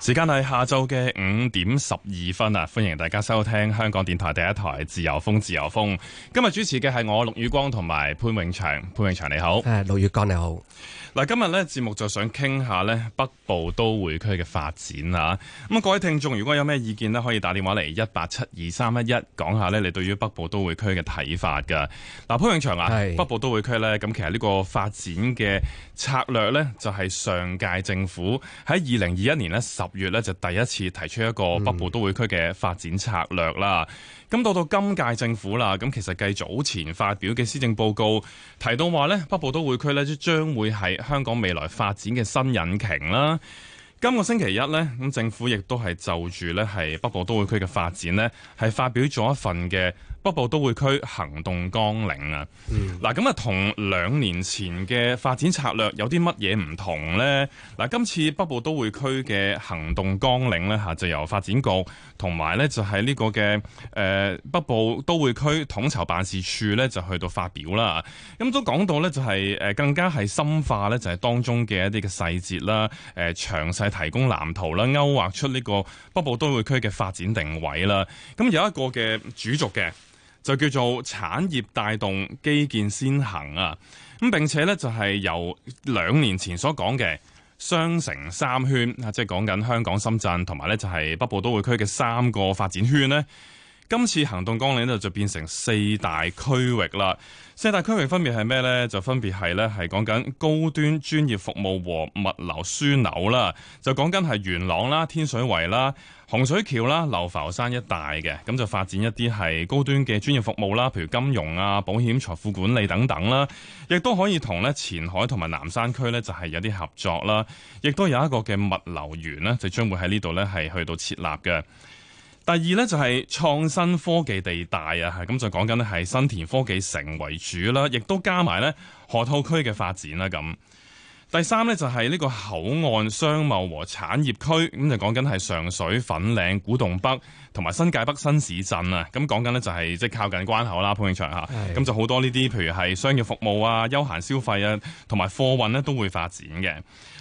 時間係下晝嘅五點十二分啊！歡迎大家收聽香港電台第一台自由風，自由風。今日主持嘅係我陸宇光同埋潘永祥，潘永祥你好。誒，陸宇光你好。嗱，今日呢節目就想傾下呢北部都會區嘅發展啦。咁各位聽眾如果有咩意見咧，可以打電話嚟一八七二三一一講下呢，你對於北部都會區嘅睇法噶。嗱，潘永祥啊，北部都會區呢？咁其實呢個發展嘅策略呢，就係上屆政府喺二零二一年月咧，就第一次提出一個北部都會區嘅發展策略啦。咁、嗯、到到今屆政府啦，咁其實繼早前發表嘅施政報告提到話，呢北部都會區呢，將會係香港未來發展嘅新引擎啦。今個星期一呢，咁政府亦都係就住呢係北部都會區嘅發展呢，係發表咗一份嘅。北部都會區行動綱領啊，嗱、嗯、咁啊，同兩年前嘅發展策略有啲乜嘢唔同咧？嗱、啊，今次北部都會區嘅行動綱領咧嚇，就由發展局同埋咧就係、是、呢個嘅誒、呃、北部都會區統籌辦事處咧，就去到發表啦。咁都講到咧，就係、是、誒、呃、更加係深化咧，就係、是、當中嘅一啲嘅細節啦，誒、呃、詳細提供藍圖啦，勾畫出呢個北部都會區嘅發展定位啦。咁有一個嘅主軸嘅。就叫做產業帶動基建先行啊！咁並且呢，就係由兩年前所講嘅雙城三圈啊，即係講緊香港、深圳同埋呢就係北部都會區嘅三個發展圈呢。今次行動綱領呢就變成四大區域啦。四大區域分別係咩呢？就分別係呢係講緊高端專業服務和物流樞紐啦。就講緊係元朗啦、天水圍啦、洪水橋啦、流浮山一帶嘅咁就發展一啲係高端嘅專業服務啦，譬如金融啊、保險、財富管理等等啦。亦都可以同呢前海同埋南山區呢，就係有啲合作啦。亦都有一個嘅物流園呢，就將會喺呢度呢，係去到設立嘅。第二呢，就係創新科技地帶啊，咁就講緊係新田科技城為主啦，亦都加埋呢河套區嘅發展啦。咁第三呢，就係呢個口岸商貿和產業區，咁就講緊係上水粉嶺古洞北同埋新界北新市鎮啊。咁講緊呢，就係即係靠近關口啦，潘永祥嚇，咁就好多呢啲譬如係商業服務啊、休閒消費啊，同埋貨運呢，都會發展嘅。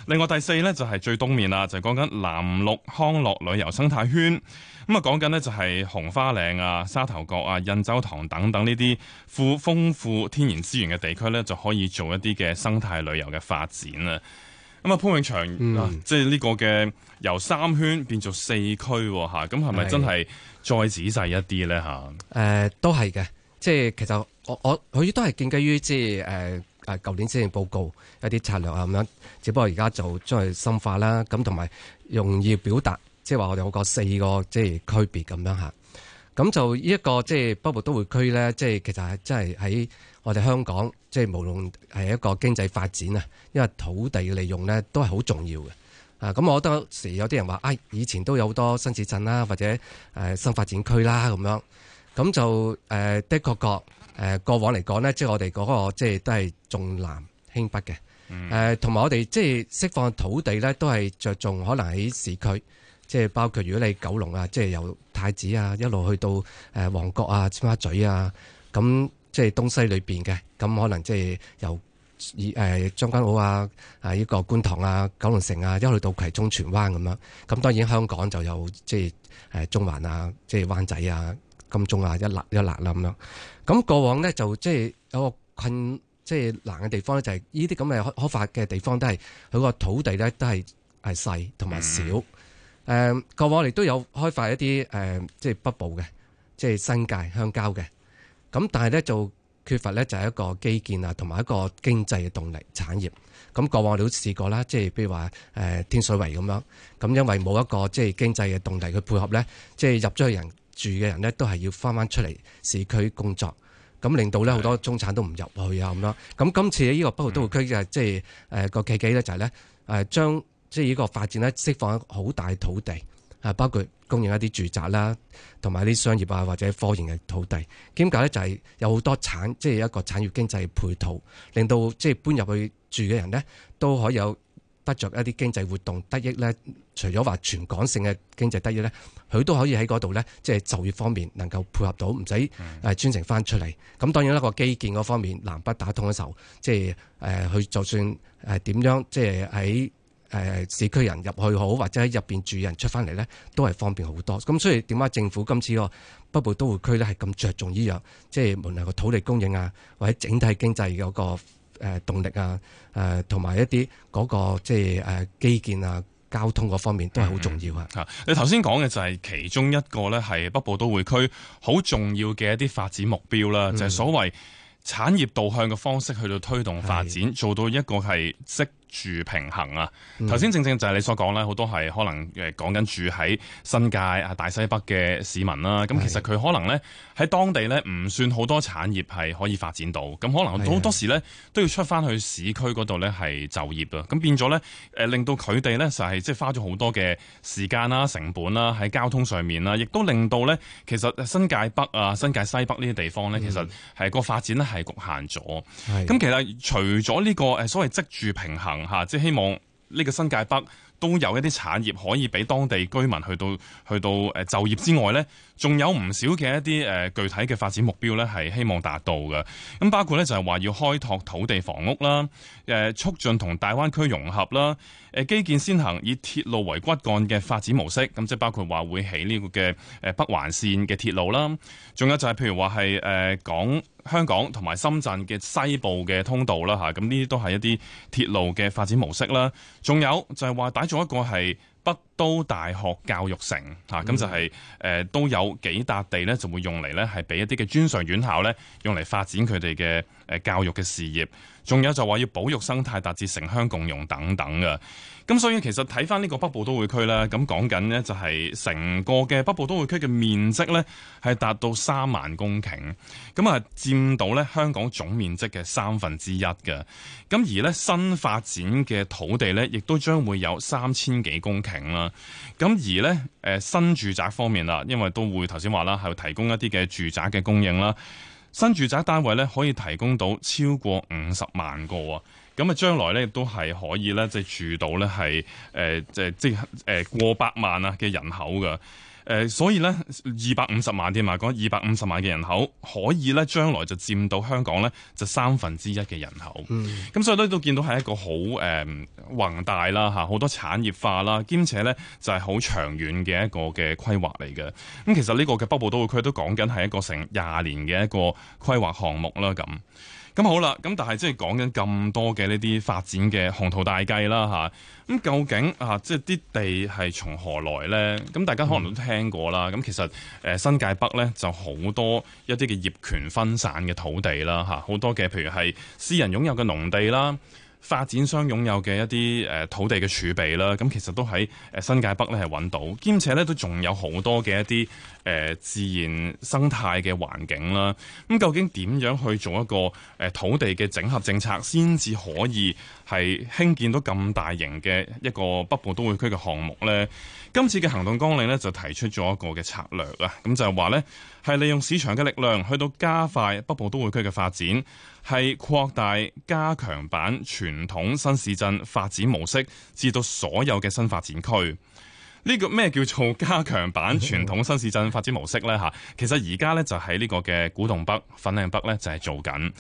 另外第四呢，就係最東面啦，就係講緊藍綠康樂旅遊生態圈。咁啊，講緊咧就係紅花嶺啊、沙頭角啊、印洲塘等等呢啲富豐富天然資源嘅地區咧，就可以做一啲嘅生態旅遊嘅發展啦。咁啊，潘永祥即係呢個嘅由三圈變做四區吓，咁係咪真係再仔細一啲咧吓？誒、嗯，都係嘅，即係其實我我佢都係建基於即係誒誒，舊、呃、年之前報告一啲策略啊咁樣，只不過而家就將係深化啦，咁同埋容易表達。即係話我哋有個四個即係區別咁樣吓，咁就呢一個即係、就是、北部都會區咧，即、就、係、是、其實係真係喺我哋香港，即、就、係、是、無論係一個經濟發展啊，因為土地利用咧都係好重要嘅。啊，咁我覺得時有啲人話，誒以前都有好多新市鎮啦，或者誒、呃、新發展區啦咁樣，咁就誒、呃、的確個誒、呃、過往嚟講咧，即、就、係、是、我哋嗰、那個即係、就是、都係重南輕北嘅。誒同埋我哋即係釋放土地咧，都係着重可能喺市區。即係包括如果你九龍啊，即係由太子啊一路去到誒旺角啊、尖沙咀啊，咁即係東西裏邊嘅，咁可能即係由誒將軍澳啊、啊呢個觀塘啊、九龍城啊，一路到葵涌荃灣咁樣。咁當然香港就有即係中環啊、即係灣仔啊、金鐘啊一列一列啦咁樣。咁過往呢，就即係有個困即係難嘅地方咧，就係呢啲咁嘅開發嘅地方都係佢個土地咧都係係細同埋少。誒、嗯、過往我哋都有開發一啲誒、嗯，即係北部嘅，即係新界鄉郊嘅。咁但係咧，就缺乏咧就係一個基建啊，同埋一個經濟嘅動力產業。咁、嗯、過往我哋都試過啦，即係譬如話誒、呃、天水圍咁樣。咁因為冇一個即係經濟嘅動力去配合咧，即係入咗去住的人住嘅人咧，都係要翻翻出嚟市區工作。咁令到咧好多中產都唔入去啊咁樣。咁、嗯嗯、今次呢個北部都會區的即、呃、就即係誒個契機咧就係咧誒將。即係呢個發展咧，釋放好大的土地啊！包括供應一啲住宅啦，同埋啲商業啊，或者科研嘅土地。點解咧？就係有好多產，即係一個產業經濟配套，令到即係搬入去住嘅人咧，都可以有得着一啲經濟活動得益咧。除咗話全港性嘅經濟得益咧，佢都可以喺嗰度咧，即係就業方面能夠配合到，唔使誒專程翻出嚟。咁、嗯、當然一個基建嗰方面南北打通嘅時候，即係誒，佢就算誒點樣，即係喺。誒、呃、市區人入去好，或者喺入邊住人出翻嚟咧，都係方便好多。咁所以點解政府今次個北部都會區咧係咁着重呢樣，即係無論個土地供應啊，或者整體經濟嗰個誒動力啊，誒同埋一啲、嗰個個即係誒、啊、基建啊、交通嗰方面都係好重要啊、嗯。吓、嗯，你頭先講嘅就係其中一個咧，係北部都會區好重要嘅一啲發展目標啦、嗯，就係、是、所謂產業導向嘅方式去到推動發展，做到一個係。即。住平衡啊！頭先正正就係你所講啦。好、嗯、多係可能誒講緊住喺新界啊、大西北嘅市民啦、啊。咁、嗯、其實佢可能咧喺當地咧唔算好多產業係可以發展到，咁可能好多時咧、嗯、都要出翻去市區嗰度咧係就業啊。咁變咗咧誒令到佢哋咧就係即係花咗好多嘅時間啦、啊、成本啦、啊、喺交通上面啦、啊，亦都令到咧其實新界北啊、新界西北呢啲地方咧、嗯，其實係個發展咧係局限咗。咁、嗯嗯、其實除咗呢個誒所謂職住平衡。吓，即係希望呢個新界北都有一啲產業可以俾當地居民去到去到誒就業之外呢，仲有唔少嘅一啲誒具體嘅發展目標呢係希望達到嘅。咁包括呢，就係話要開拓土地房屋啦，誒促進同大灣區融合啦，誒基建先行，以鐵路為骨幹嘅發展模式。咁即係包括話會起呢個嘅誒北環綫嘅鐵路啦，仲有就係譬如話係誒講。香港同埋深圳嘅西部嘅通道啦，吓，咁呢啲都係一啲鐵路嘅發展模式啦。仲有就係話，打造一個係北都大學教育城，吓、嗯，咁就係、是、誒都有幾笪地咧，就會用嚟咧係俾一啲嘅專上院校咧用嚟發展佢哋嘅誒教育嘅事業。仲有就話要保育生態，達至城鄉共融等等嘅。咁所以其實睇翻呢個北部都會區啦。咁講緊呢，就係成個嘅北部都會區嘅面積呢，係達到三萬公頃，咁啊佔到呢香港總面積嘅三分之一嘅。咁而呢，新發展嘅土地呢，亦都將會有三千幾公頃啦。咁而呢、呃，新住宅方面啦，因為都會頭先話啦，係提供一啲嘅住宅嘅供應啦，新住宅單位呢，可以提供到超過五十萬個。咁啊，將來咧都係可以咧、就係呃，即係住到咧，係即係即係過百萬啊嘅人口嘅、呃、所以咧二百五十萬添啊，講二百五十萬嘅人口可以咧，將來就佔到香港咧就三分之一嘅人口。咁、嗯、所以我都都見到係一個好誒、呃、宏大啦好多產業化啦，兼且咧就係、係、好長遠嘅一個嘅規劃嚟嘅。咁其實呢個嘅北部都會區都講緊係一個成廿年嘅一個規劃項目啦咁。咁好啦，咁但係即係講緊咁多嘅呢啲發展嘅宏圖大計啦，吓，咁究竟啊，即係啲地係從何來呢？咁大家可能都聽過啦。咁、嗯、其實、呃、新界北呢就好多一啲嘅業權分散嘅土地啦，吓、啊，好多嘅譬如係私人擁有嘅農地啦。發展商擁有嘅一啲誒土地嘅儲備啦，咁其實都喺誒新界北咧，係揾到，兼且咧都仲有好多嘅一啲誒、呃、自然生態嘅環境啦。咁究竟點樣去做一個誒土地嘅整合政策，先至可以係興建到咁大型嘅一個北部都會區嘅項目呢？今次嘅行動綱領咧，就提出咗一個嘅策略啦。咁就係、是、話呢係利用市場嘅力量去到加快北部都會區嘅發展，係擴大加強版傳統新市鎮發展模式，至到所有嘅新發展區。呢、這個咩叫做加強版傳統新市鎮發展模式呢？嚇， 其實而家呢，就喺、是、呢個嘅古洞北、粉嶺北呢，就係、是、做緊，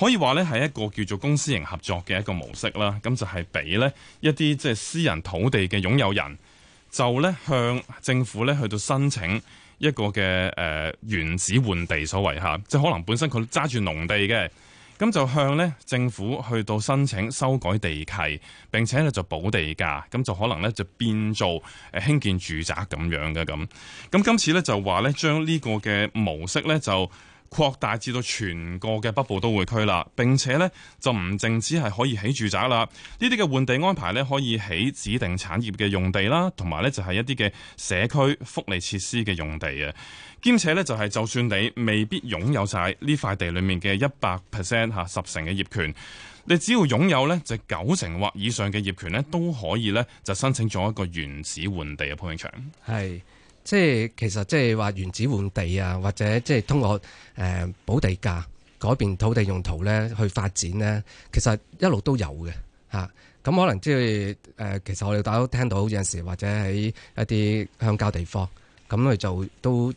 可以話呢，係一個叫做公私營合作嘅一個模式啦。咁就係俾呢一啲即係私人土地嘅擁有人。就咧向政府咧去到申請一個嘅誒、呃、原址換地所謂嚇，即係可能本身佢揸住農地嘅，咁就向咧政府去到申請修改地契，並且咧就補地價，咁就可能咧就變做誒興、呃、建住宅咁樣嘅咁。咁今次咧就話咧將呢個嘅模式咧就，擴大至到全個嘅北部都會區啦，並且呢，就唔淨止係可以起住宅啦，呢啲嘅換地安排呢，可以起指定產業嘅用地啦，同埋呢就係、是、一啲嘅社區福利設施嘅用地啊，兼且呢，就係、是、就算你未必擁有晒呢塊地裏面嘅一百 percent 吓十成嘅業權，你只要擁有呢，就九成或以上嘅業權呢，都可以呢，就申請咗一個原址換地嘅鋪場。係。即係其實即係話原址換地啊，或者即係通過誒補、呃、地價改變土地用途咧，去發展咧，其實一路都有嘅嚇。咁、啊、可能即係誒，其實我哋大家都聽到有陣時，或者喺一啲鄉郊地方，咁佢就都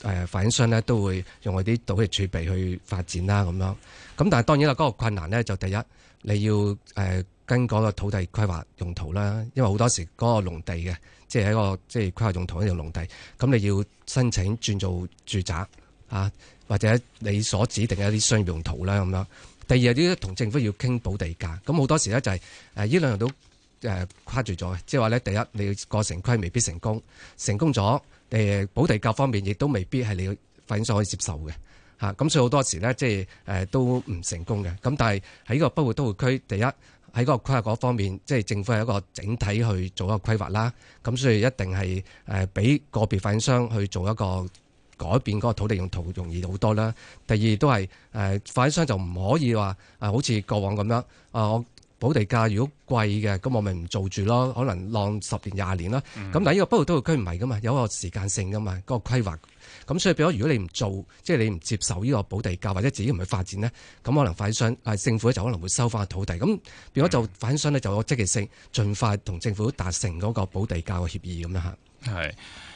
誒發展商咧都會用佢啲土地儲備去發展啦咁樣。咁但係當然啦，嗰、那個困難咧就第一，你要誒、呃、跟嗰個土地規劃用途啦，因為好多時嗰、那個農地嘅。即係一個即係規劃用途一條農地，咁你要申請轉做住宅啊，或者你所指定嘅一啲商業用途啦咁樣。第二係啲同政府要傾補地價，咁好多時咧就係誒呢兩樣都誒跨住咗嘅，即係話咧第一你要過城規未必成功，成功咗誒補地價方面亦都未必係你嘅發展商可以接受嘅嚇，咁所以好多時咧即係誒都唔成功嘅。咁但係喺呢個北部都會區，第一。喺嗰個規劃嗰方面，即政府係一個整體去做一個規劃啦。咁所以一定係誒畀個別發展商去做一個改變嗰個土地用途容易好多啦。第二都係誒發展商就唔可以話好似過往噉樣啊保地價如果貴嘅，咁我咪唔做住咯，可能晾十年廿年啦。咁、嗯、但係呢個北部都會區唔係噶嘛，有個時間性噶嘛，嗰個規劃。咁所以變咗，如果你唔做，即、就、係、是、你唔接受呢個保地價，或者自己唔去發展呢，咁可能發展商政府咧就可能會收翻土地。咁變咗就發展商咧就有積極性，盡快同政府達成嗰個保地價嘅協議咁樣嚇。係。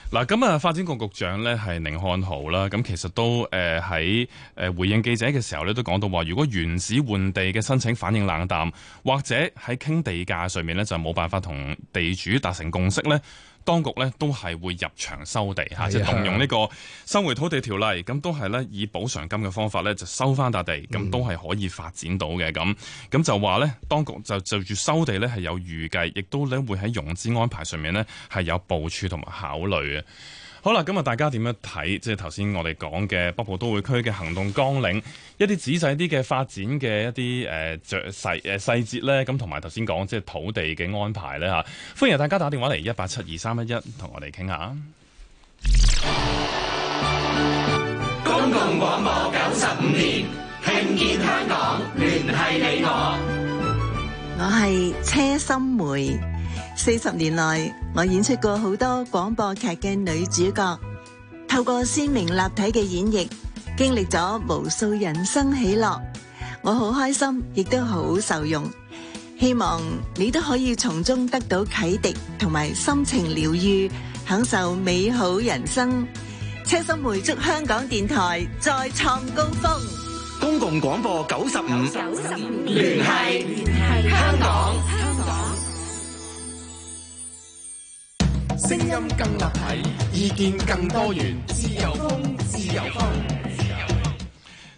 嗱，咁啊，發展局局長咧係甯漢豪啦，咁其實都誒喺誒回應記者嘅時候咧，都講到話，如果原址換地嘅申請反應冷淡，或者喺傾地價上面咧，就冇辦法同地主達成共識咧。當局咧都係會入場收地嚇，即係動用呢個收回土地條例，咁都係咧以補償金嘅方法咧就收翻笪地，咁都係可以發展到嘅。咁咁就話咧，當局就就住收地咧係有預計，亦都咧會喺融資安排上面咧係有部署同埋考慮嘅。好啦，咁啊，大家點樣睇？即係頭先我哋講嘅北部都會區嘅行動綱領，一啲仔細啲嘅發展嘅一啲誒、呃、著細誒細節咧，咁同埋頭先講即係土地嘅安排咧吓，歡迎大家打電話嚟一八七二三一一，同我哋傾下。公共廣播九十五年，聽見香港，聯繫你我，我係車心梅。四十年來，我演出過好多廣播劇嘅女主角，透過鮮明立體嘅演繹，經歷咗無數人生喜樂。我好開心，亦都好受用。希望你都可以從中得到啟迪，同埋心情療愈，享受美好人生。車心梅祝香港電台再創高峰。公共廣播九十五，九十五，聯繫聯繫香港。香港聲音更立體，意見更多元，自由風，自由風，自由風。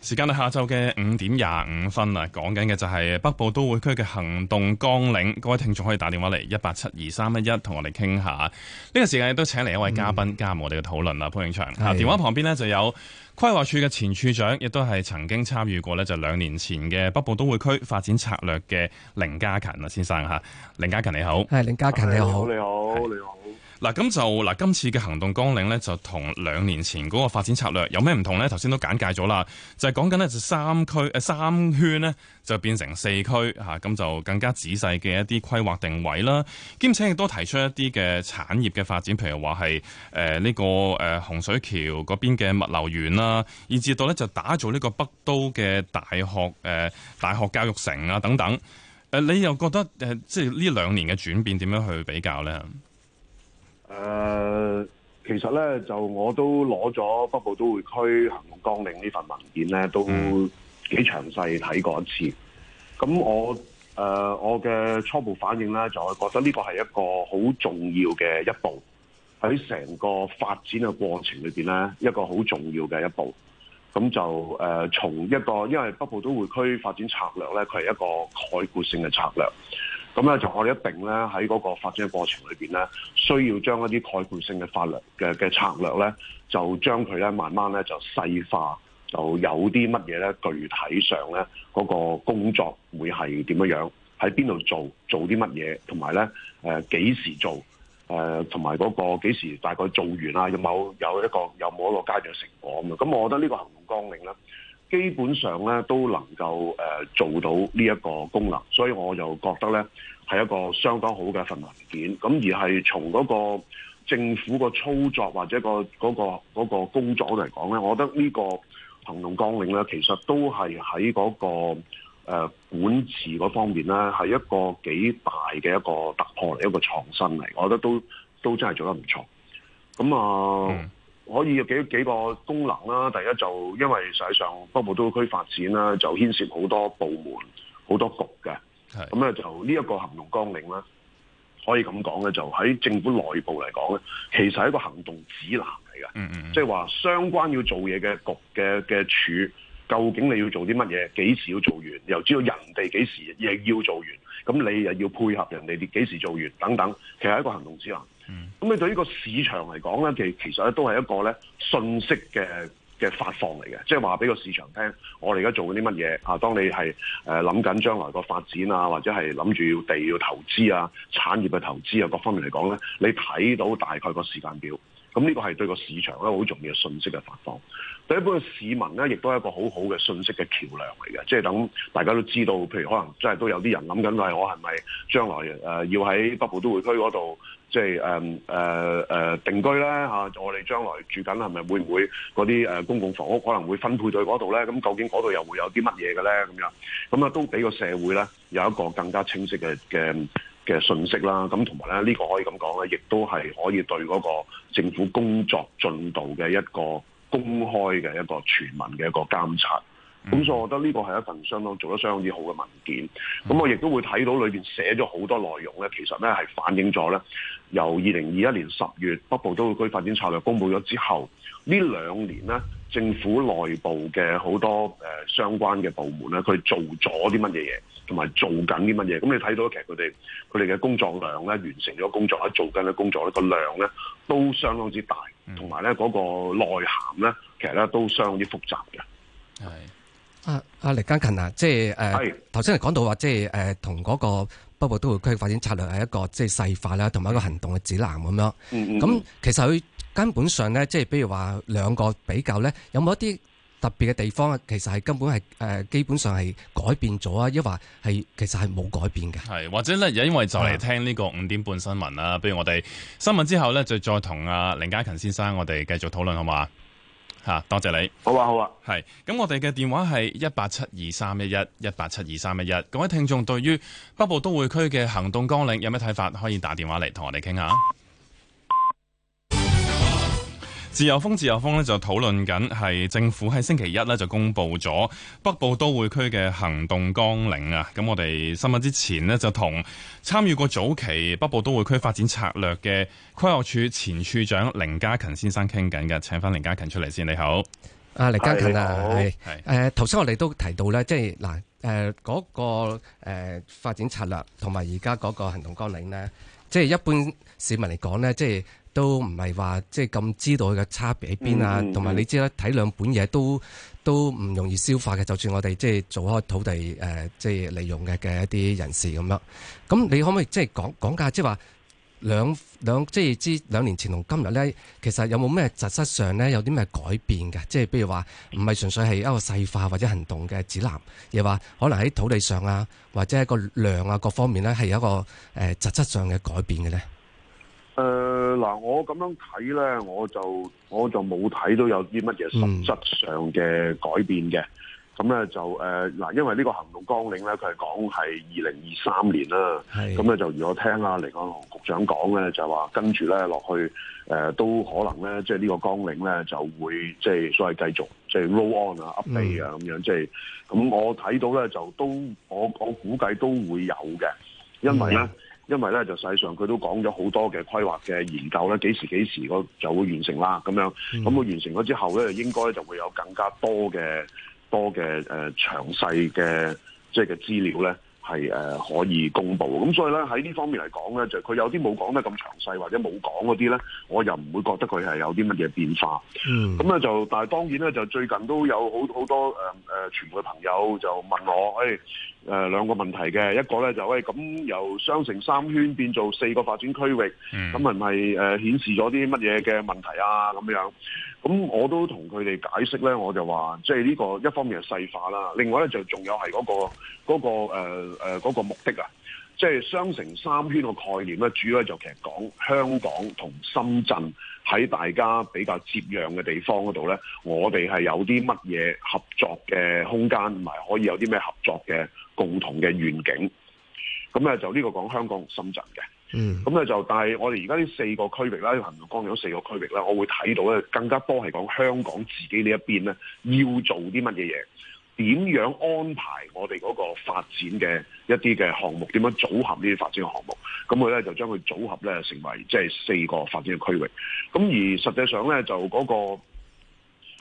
時間係下晝嘅五點廿五分啊！講緊嘅就係北部都會區嘅行動綱領，各位聽眾可以打電話嚟一八七二三一一，同我哋傾下。呢、這個時間亦都請嚟一位嘉賓、嗯、加入我哋嘅討論啦，潘永祥。電話旁邊咧就有規劃署嘅前署長，亦都係曾經參與過咧，就兩年前嘅北部都會區發展策略嘅凌嘉勤啊先生吓，凌嘉勤你好，係凌嘉勤你好，你好你好。嗱咁就嗱，今次嘅行動綱領咧，就同兩年前嗰個發展策略有咩唔同咧？頭先都簡介咗啦，就係、是、講緊咧就三區、呃、三圈咧就變成四區咁、啊、就更加仔細嘅一啲規劃定位啦，兼、啊、且亦都提出一啲嘅產業嘅發展，譬如話係呢個、呃、洪水橋嗰邊嘅物流園啦、啊，以至到咧就打造呢個北都嘅大學、呃、大學教育城啊等等啊。你又覺得、呃、即係呢兩年嘅轉變點樣去比較咧？誒、呃，其實咧就我都攞咗北部都會區行動綱領呢份文件咧，都幾詳細睇過一次。咁我誒、呃，我嘅初步反應咧，就係覺得呢個係一個好重要嘅一步喺成個發展嘅過程裏邊咧，一個好重要嘅一步。咁就誒、呃，從一個因為北部都會區發展策略咧，佢係一個概括性嘅策略。咁咧就我哋一定咧喺嗰個發展嘅過程裏邊咧，需要將一啲概括性嘅法律嘅嘅策略咧，就將佢咧慢慢咧就細化，就有啲乜嘢咧，具體上咧嗰個工作會係點樣？喺邊度做？做啲乜嘢？同埋咧誒幾時做？誒同埋嗰個幾時大概做完啊？有冇有，有一個有冇一個階段成果？咁咁我覺得呢個行動綱領咧。基本上咧都能夠誒、呃、做到呢一個功能，所以我又覺得咧係一個相當好嘅份文件。咁而係從嗰個政府個操作或者、嗰個、嗰個工作嚟講咧，我覺得呢個行動綱領咧，其實都係喺嗰個、呃、管治嗰方面咧，係一個幾大嘅一個突破嚟，一個創新嚟。我覺得都都真係做得唔錯。咁啊。呃嗯可以有幾幾個功能啦，第一就因為實際上北部都區發展啦，就牽涉好多部門、好多局嘅，咁咧就呢一個行動綱領啦，可以咁講咧，就喺政府內部嚟講咧，其實係一個行動指南嚟嘅，嗯嗯，即係話相關要做嘢嘅局嘅嘅處，究竟你要做啲乜嘢？幾時要做完？又知道人哋幾時亦要做完，咁你又要配合人哋幾時做完，等等，其實係一個行動指南。咁、嗯、你對呢個市場嚟講咧，其其實咧都係一個咧信息嘅嘅發放嚟嘅，即係話俾個市場聽，我哋而家做緊啲乜嘢啊？當你係誒諗緊將來個發展啊，或者係諗住要地要投資啊，產業嘅投資啊，各方面嚟講咧，你睇到大概個時間表，咁呢個係對個市場咧好重要信息嘅發放。對一般市民咧，亦都係一個好好嘅信息嘅橋梁嚟嘅，即係等大家都知道，譬如可能真係都有啲人諗緊係我係咪將來誒要喺北部都會區嗰度。即係誒誒定居咧我哋將來住緊係咪會唔會嗰啲公共房屋可能會分配咗嗰度咧？咁究竟嗰度又會有啲乜嘢嘅咧？咁樣咁啊，都俾個社會咧有一個更加清晰嘅嘅嘅信息啦。咁同埋咧，呢、呢個可以咁講咧，亦都係可以對嗰個政府工作進度嘅一個公開嘅一個全民嘅一個監察。咁、嗯、所以，我覺得呢個係一份相當做得相當之好嘅文件。咁我亦都會睇到裏邊寫咗好多內容咧，其實咧係反映咗咧由二零二一年十月北部都會區發展策略公布咗之後呢兩年咧政府內部嘅好多誒、呃、相關嘅部門咧，佢哋做咗啲乜嘢嘢，同埋做緊啲乜嘢。咁你睇到其實佢哋佢哋嘅工作量咧，完成咗工作啦，做緊嘅工作咧，個量咧都相當之大，同埋咧嗰個內涵咧，其實咧都相當之複雜嘅。係。阿阿凌嘉勤啊，即係誒，頭先嚟講到話，即係誒，同、呃、嗰個北部都會區發展策略係一個即係細化啦，同埋一個行動嘅指南咁樣。咁、嗯、其實佢根本上咧，即係比如話兩個比較咧，有冇一啲特別嘅地方，其實係根本係誒、呃，基本上係改變咗啊，抑或係其實係冇改變嘅。係或者咧，而家因為就嚟聽呢個五點半新聞啦。不如我哋新聞之後咧，就再同阿、啊、凌嘉勤先生我哋繼續討論好嘛？多謝你，好啊好啊，係咁，我哋嘅電話係一八七二三一一一八七二三一一。各位聽眾對於北部都會區嘅行動綱領有咩睇法，可以打電話嚟同我哋傾下。自由風，自由風咧就討論緊係政府喺星期一咧就公布咗北部都會區嘅行動綱領啊。咁我哋新聞之前呢，就同參與過早期北部都會區發展策略嘅規劃署前處長凌嘉勤先生傾緊嘅，請翻凌嘉勤出嚟先。你好，啊，凌嘉勤啊，係誒，頭先、啊、我哋都提到咧，即係嗱。誒嗰、呃那個誒、呃、發展策略同埋而家嗰個行動綱領咧，即係一般市民嚟講咧，即係都唔係話即係咁知道佢嘅差別喺邊啊，同埋、嗯、你知啦，睇、嗯、兩本嘢都都唔容易消化嘅。就算我哋即係做開土地誒、呃，即係利用嘅嘅一啲人士咁樣，咁你可唔可以即係講講下即係話，兩兩即係之兩年前同今日咧，其實有冇咩實質上咧有啲咩改變嘅？即係譬如話，唔係純粹係一個細化或者行動嘅指南，又話可能喺土地上啊，或者係個量啊各方面咧，係有一個誒、呃呃、實質上嘅改變嘅咧。誒、嗯、嗱，我咁樣睇咧，我就我就冇睇到有啲乜嘢實質上嘅改變嘅。咁咧就誒嗱、呃，因為呢個行動綱領咧，佢係講係二零二三年啦。咁咧就如果聽阿黎港紅局長講咧，就話跟住咧落去誒、呃，都可能咧，即係呢個綱領咧就會即係所謂繼續即係 roll on 啊 up,、嗯、update 啊咁樣。即係咁我睇到咧就都我我估計都會有嘅，因為咧、嗯，因為咧就實際上佢都講咗好多嘅規劃嘅研究咧，幾時幾時嗰就會完成啦。咁樣咁佢、嗯、完成咗之後咧，應該就會有更加多嘅。多嘅誒、呃、詳細嘅即係嘅資料咧，係誒、呃、可以公布。咁所以咧喺呢在這方面嚟講咧，就佢有啲冇講得咁詳細，或者冇講嗰啲咧，我又唔會覺得佢係有啲乜嘢變化。嗯，咁咧就，但係當然咧，就最近都有好好多誒誒、呃、傳媒朋友就問我，誒、欸。誒兩個問題嘅，一個咧就喂，咁由雙城三圈變做四個發展區域，咁係唔係顯示咗啲乜嘢嘅問題啊？咁樣，咁我都同佢哋解釋咧，我就話即係呢個一方面係細化啦，另外咧就仲有係、嗰、嗰個嗰、嗰個誒嗰、呃嗰個、目的啊。即係雙城三圈個概念咧，主要咧就其實講香港同深圳喺大家比較接壤嘅地方嗰度咧，我哋係有啲乜嘢合作嘅空間，同埋可以有啲咩合作嘅共同嘅願景。咁咧就呢個講香港同深圳嘅。嗯。咁咧就，但係我哋而家呢四個區域啦，行慕光有四個區域啦，我會睇到咧更加多係講香港自己呢一邊咧，要做啲乜嘢嘢。點樣安排我哋嗰個發展嘅一啲嘅項目？點樣組合呢啲發展嘅項目？咁佢咧就將佢組合咧成為即係、就是、四個發展嘅區域。咁而實際上咧，就嗰、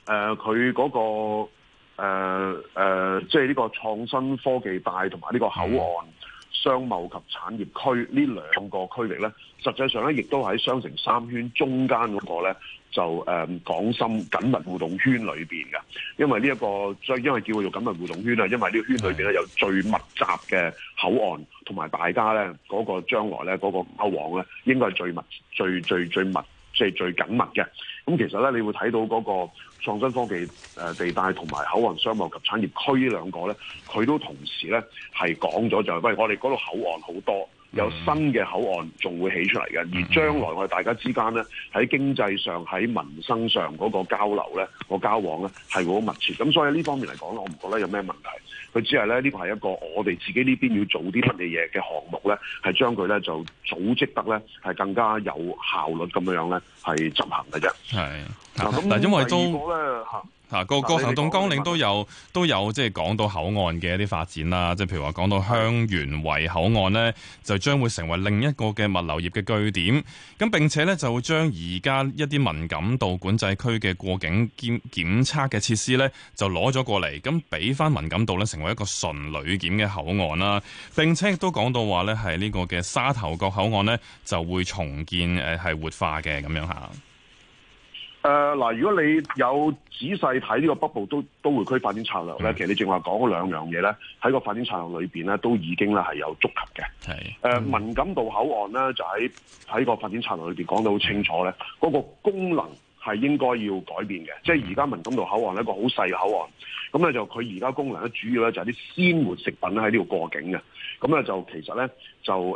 那個佢嗰、呃那個誒即係呢個創新科技帶同埋呢個口岸商貿及產業區呢兩個區域咧，實際上咧亦都喺雙城三圈中間嗰個咧。就誒港、嗯、深緊密互動圈裏邊嘅，因為呢、這、一個，所以因為叫做緊密互動圈啊，因為呢個圈裏邊咧有最密集嘅口岸，同埋大家咧嗰、那個將來咧嗰、那個交往咧，應該係最密、最最最密、即係最緊密嘅。咁其實咧，你會睇到嗰個創新科技誒地帶同埋口岸商貿及產業區呢兩個咧，佢都同時咧係講咗就係、是，喂，我哋嗰度口岸好多。Mm -hmm. 有新嘅口岸仲會起出嚟嘅，而將來我哋大家之間咧喺經濟上喺民生上嗰個交流咧個交往咧係好密切，咁所以呢方面嚟講我唔覺得有咩問題，佢只係咧呢個係一個我哋自己呢邊要做啲乜嘢嘢嘅項目咧，係將佢咧就組織得咧係更加有效率咁樣樣咧係執行嘅啫。係但咁，第二個咧 啊，個個行動綱領都有都有即係講到口岸嘅一啲發展啦，即係譬如話講到香園圍口岸呢，就將會成為另一個嘅物流業嘅據點，咁並且呢，就會將而家一啲文錦道管制區嘅過境檢檢測嘅設施呢，就攞咗過嚟，咁俾翻文錦道呢，成為一個純旅檢嘅口岸啦，並且亦都講到話呢係呢個嘅沙頭角口岸呢，就會重建誒係活化嘅咁樣嚇。誒、呃、嗱，如果你有仔細睇呢個北部都都會區發展策略咧、嗯，其實你正話講嗰兩樣嘢咧，喺個發展策略裏邊咧，都已經咧係有觸及嘅。係、嗯、誒，文、呃、錦渡口岸咧就喺喺個發展策略裏邊講得好清楚咧，嗰、那個功能係應該要改變嘅、嗯。即係而家文錦渡口岸咧一個好細嘅口岸，咁咧就佢而家功能咧主要咧就係啲鮮活食品喺呢度過境嘅，咁咧就其實咧就誒誒、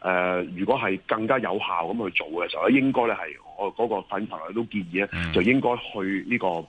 呃呃，如果係更加有效咁去做嘅時候，應該咧係。我嗰個發展策略都建議咧，就應該去呢個誒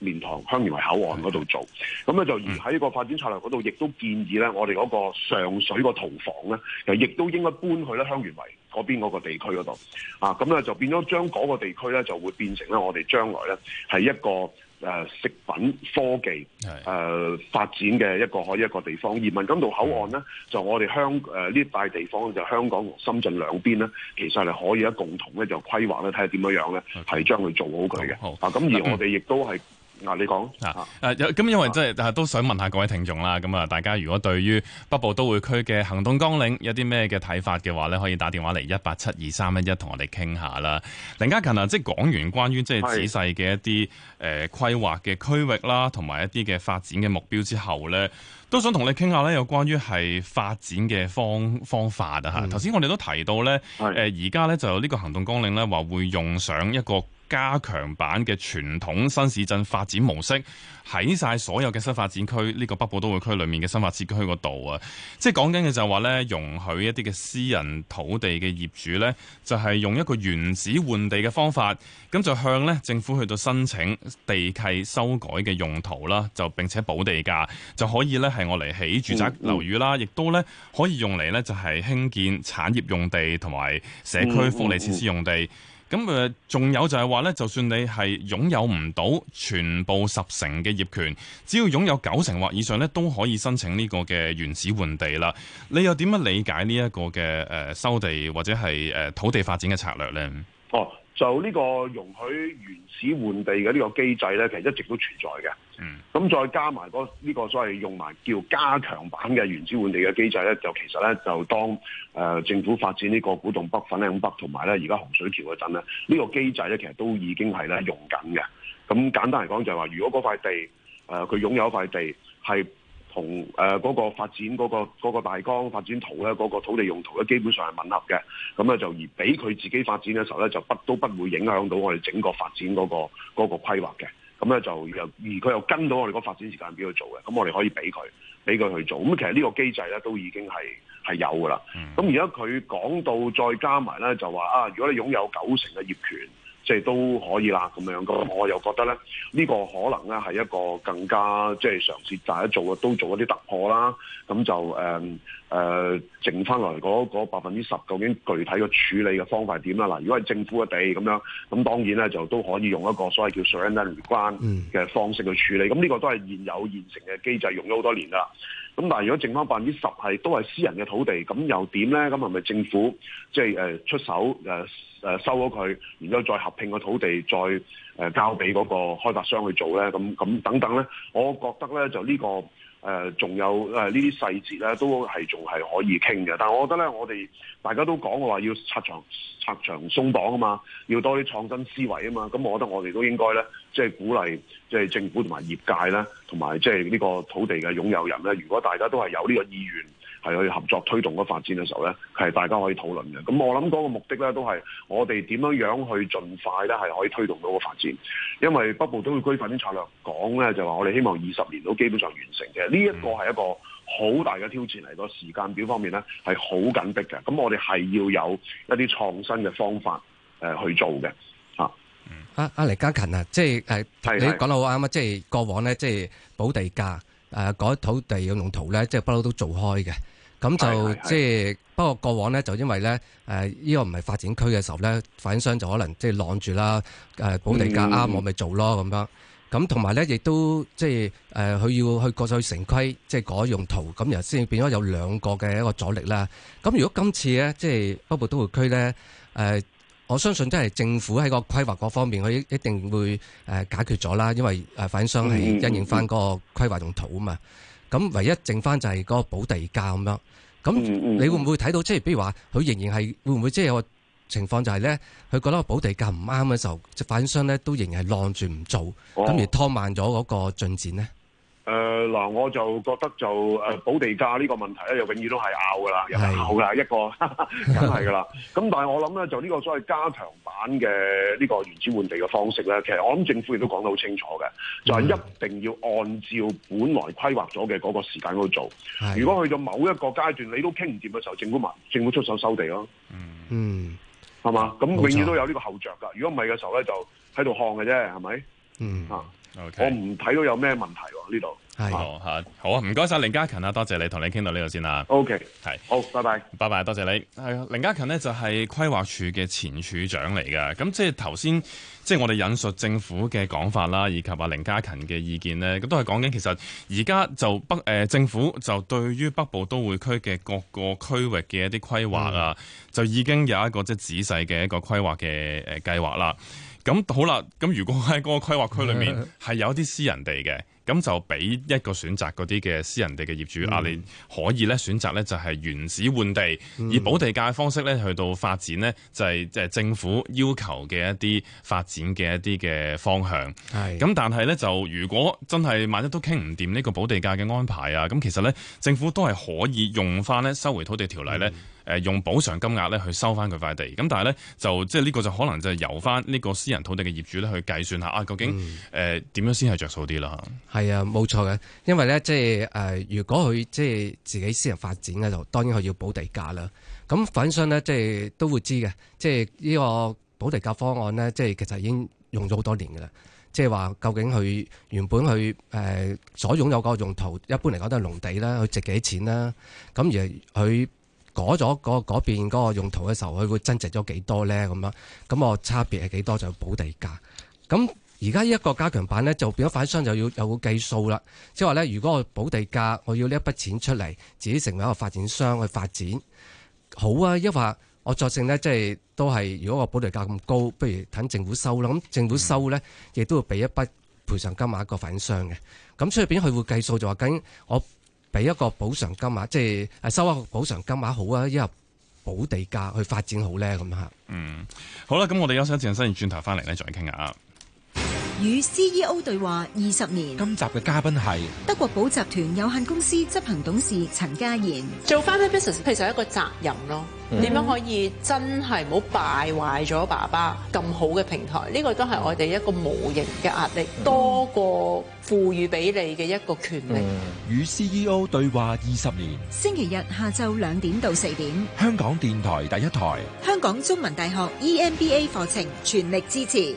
蓮塘香園圍口岸嗰度做，咁咧就而喺個發展策略嗰度，亦都建議咧，議我哋嗰個上水個屠房咧，就亦都應該搬去咧香園圍嗰邊嗰個地區嗰度，啊，咁咧就變咗將嗰個地區咧就會變成咧我哋將來咧係一個。誒食品科技誒、呃、發展嘅一個可以一個地方，而文錦渡口岸咧、嗯，就我哋香誒呢帶地方就香港同深圳兩邊咧，其實係可以一共同咧就規劃咧，睇下點樣樣咧係將佢做好佢嘅、嗯。啊，咁而我哋亦都係。嗯嗱、啊，你講啊，誒、啊，咁因為即、就、係、是啊，都想問下各位聽眾啦。咁啊，大家如果對於北部都會區嘅行動綱領有啲咩嘅睇法嘅話咧，可以打電話嚟一八七二三一一同我哋傾下啦。凌嘉勤啊，即係講完關於即係仔細嘅一啲誒規劃嘅區域啦，同埋一啲嘅發展嘅目標之後咧，都想同你傾下咧，有關於係發展嘅方方法啊吓。頭、嗯、先我哋都提到咧，誒而家咧就有呢個行動綱領咧，話會用上一個。加強版嘅傳統新市鎮發展模式喺晒所有嘅新發展區，呢、這個北部都會區裏面嘅新發展區嗰度啊，即係講緊嘅就係話咧，容許一啲嘅私人土地嘅業主咧，就係、是、用一個原址換地嘅方法，咁就向咧政府去到申請地契修改嘅用途啦，就並且補地價就可以咧，係我嚟起住宅樓宇啦，亦、嗯嗯、都咧可以用嚟咧就係興建產業用地同埋社區福利設施用地。咁誒，仲有就係話咧，就算你係擁有唔到全部十成嘅業權，只要擁有九成或以上咧，都可以申請呢個嘅原址換地啦。你又點樣理解呢一個嘅誒收地或者係誒土地發展嘅策略呢？哦。就呢個容許原始換地嘅呢個機制咧，其實一直都存在嘅。咁、嗯、再加埋嗰呢個所謂用埋叫加強版嘅原始換地嘅機制咧，就其實咧就當誒、呃、政府發展呢個古洞北粉嶺、嗯、北同埋咧而家洪水橋嗰陣咧，呢、呢個機制咧其實都已經係咧用緊嘅。咁簡單嚟講就係、係、話，如果嗰塊地誒佢、呃、擁有一塊地係同誒嗰個發展嗰、那個那個大綱發展圖咧，嗰、那個土地用途咧，基本上係吻合嘅。咁咧就而俾佢自己發展嘅時候咧，就不都不會影響到我哋整個發展嗰、那個嗰、那個規劃嘅。咁咧就又而佢又跟到我哋個發展時間表去做嘅。咁我哋可以俾佢俾佢去做。咁其實這個機呢個機制咧，都已經係係有㗎啦。咁而家佢講到再加埋咧，就話啊，如果你擁有九成嘅業權。即係都可以啦，咁樣個我又覺得咧，呢、這個可能咧係一個更加即係嘗試大家做嘅，都做一啲突破啦。咁就誒誒、呃呃，剩翻落嚟嗰百分之十究竟具體嘅處理嘅方法係點啦？嗱，如果係政府嘅地咁樣，咁當然咧就都可以用一個所謂叫 surrendering 嘅方式去處理。咁、嗯、呢個都係現有現成嘅機制，用咗好多年啦。咁但係如果剩翻百分之十係都係私人嘅土地，咁又點咧？咁係咪政府即係、就是呃、出手、呃、收咗佢，然之後再合併個土地，再、呃、交俾嗰個開發商去做咧？咁咁等等咧，我覺得咧就、這個呃呃、呢個誒仲有誒呢啲細節咧，都係仲係可以傾嘅。但係我覺得咧，我哋大家都講話要拆牆拆牆鬆綁啊嘛，要多啲創新思維啊嘛，咁我覺得我哋都應該咧。即、就、係、是、鼓勵，即、就、係、是、政府同埋業界咧，同埋即係呢個土地嘅擁有人咧。如果大家都係有呢個意願，係去合作推動嗰發展嘅時候咧，係大家可以討論嘅。咁我諗嗰個目的咧，都係我哋點樣樣去盡快咧，係可以推動到個發展。因為北部都會區發展策略講咧，就話我哋希望二十年都基本上完成嘅。呢一個係一個好大嘅挑戰嚟，個時間表方面咧係好緊迫嘅。咁我哋係要有一啲創新嘅方法誒、呃、去做嘅。啊啊！凌嘉勤啊，即係誒、啊，你講得好啱啊！即係過往咧，即係補地價誒，嗰、呃、土地用途咧，即係不嬲都做開嘅。咁就是是是即係不過過往咧，就因為咧誒，呢、呃這個唔係發展區嘅時候咧，發展商就可能即係浪住啦誒，補、呃、地價啱、嗯、我咪做咯咁樣。咁同埋咧，亦都即係誒，佢、呃、要去過去城規，即係改用途，咁然後先變咗有兩個嘅一個阻力啦。咁如果今次咧，即係北部都會區咧誒。呃我相信真係政府喺個規劃各方面，佢一定會誒、呃、解決咗啦，因為誒發展商係因應翻嗰個規劃同土啊嘛。咁唯一剩翻就係嗰個補地價咁樣。咁你會唔會睇到即係，比如話佢仍然係會唔會即係有個情況就係咧？佢覺得個補地價唔啱嘅時候，即係發展商咧都仍然係晾住唔做，咁而拖慢咗嗰個進展咧？誒，嗱，我就覺得就誒、呃，補地價呢個問題咧，又永遠都係拗噶啦，又係拗噶一個，梗係噶啦。咁 但係我諗咧，就呢個所謂加強版嘅呢個原址換地嘅方式咧，其實我諗政府亦都講得好清楚嘅，就係、是、一定要按照本來規劃咗嘅嗰個時間去做。如果去到某一個階段你都傾唔掂嘅時候，政府買，政府出手收地咯。嗯，嗯係嘛，咁永遠都有呢個後着噶。如果唔係嘅時候咧，就喺度看嘅啫，係咪？嗯啊。Okay, 我唔睇到有咩問題喎呢度，係好吓好啊！唔該曬凌嘉勤啊，多謝，謝你同你傾到呢度先啦。O K，係好 bye bye，拜拜，拜拜，多謝你。係凌嘉勤呢就係規劃署嘅前署長嚟嘅。咁即係頭先，即、就、係、是、我哋引述政府嘅講法啦，以及啊凌嘉勤嘅意見咧，咁都係講緊其實而家就北、呃、政府就對於北部都會區嘅各個區域嘅一啲規劃啊、嗯，就已經有一個即係、就是、仔細嘅一個規劃嘅計劃啦。咁好啦，咁如果喺個規劃區裏面係有啲私人地嘅，咁就俾一個選擇嗰啲嘅私人地嘅業主啊、嗯，你可以咧選擇咧就係原址換地、嗯，以補地價嘅方式咧去到發展咧就係即係政府要求嘅一啲發展嘅一啲嘅方向。係、嗯、咁，但係咧就如果真係萬一都傾唔掂呢個補地價嘅安排啊，咁其實咧政府都係可以用翻咧收回土地條例咧。嗯誒用補償金額咧去收翻佢塊地，咁但係咧就即係呢個就可能就係由翻呢個私人土地嘅業主咧去計算下啊，究竟誒點樣先係着數啲啦？係、嗯、啊，冇錯嘅，因為咧即係誒，如果佢即係自己私人發展嘅就，當然佢要補地價啦。咁反正咧即係都會知嘅，即係呢個補地價方案咧，即係其實已經用咗好多年嘅啦。即係話究竟佢原本佢誒所擁有嗰個用途，一般嚟講都係農地啦，佢值幾錢啦？咁而佢，改咗嗰嗰邊嗰個用途嘅時候，佢會增值咗幾多咧？咁樣咁我差別係幾多就補地價。咁而家呢一個加強版咧，就變咗發展商就要有個計數啦。即係話咧，如果我補地價，我要呢一筆錢出嚟，自己成為一個發展商去發展，好啊。因為我作證咧，即係都係如果我補地價咁高，不如等政府收啦。咁政府收咧，亦都會俾一筆賠償金阿個發展商嘅。咁所以邊佢會計數就話緊我。俾一個補償金額，即係收一個補償金額好啊，之後補地價去發展好咧咁嚇。嗯，好啦，咁我哋休息一陣，新賢轉頭翻嚟咧再傾下啊。與 CEO 對話二十年。今集嘅嘉賓係德國寶集團有限公司執行董事陳家賢。做 family business 其實係一個責任咯，點、嗯、樣可以真係唔好敗壞咗爸爸咁好嘅平台？呢、這個都係我哋一個無形嘅壓力，嗯、多過賦予俾你嘅一個權力。嗯、與 CEO 對話二十年。星期日下晝兩點到四點，香港電台第一台，香港中文大學 EMBA 課程全力支持。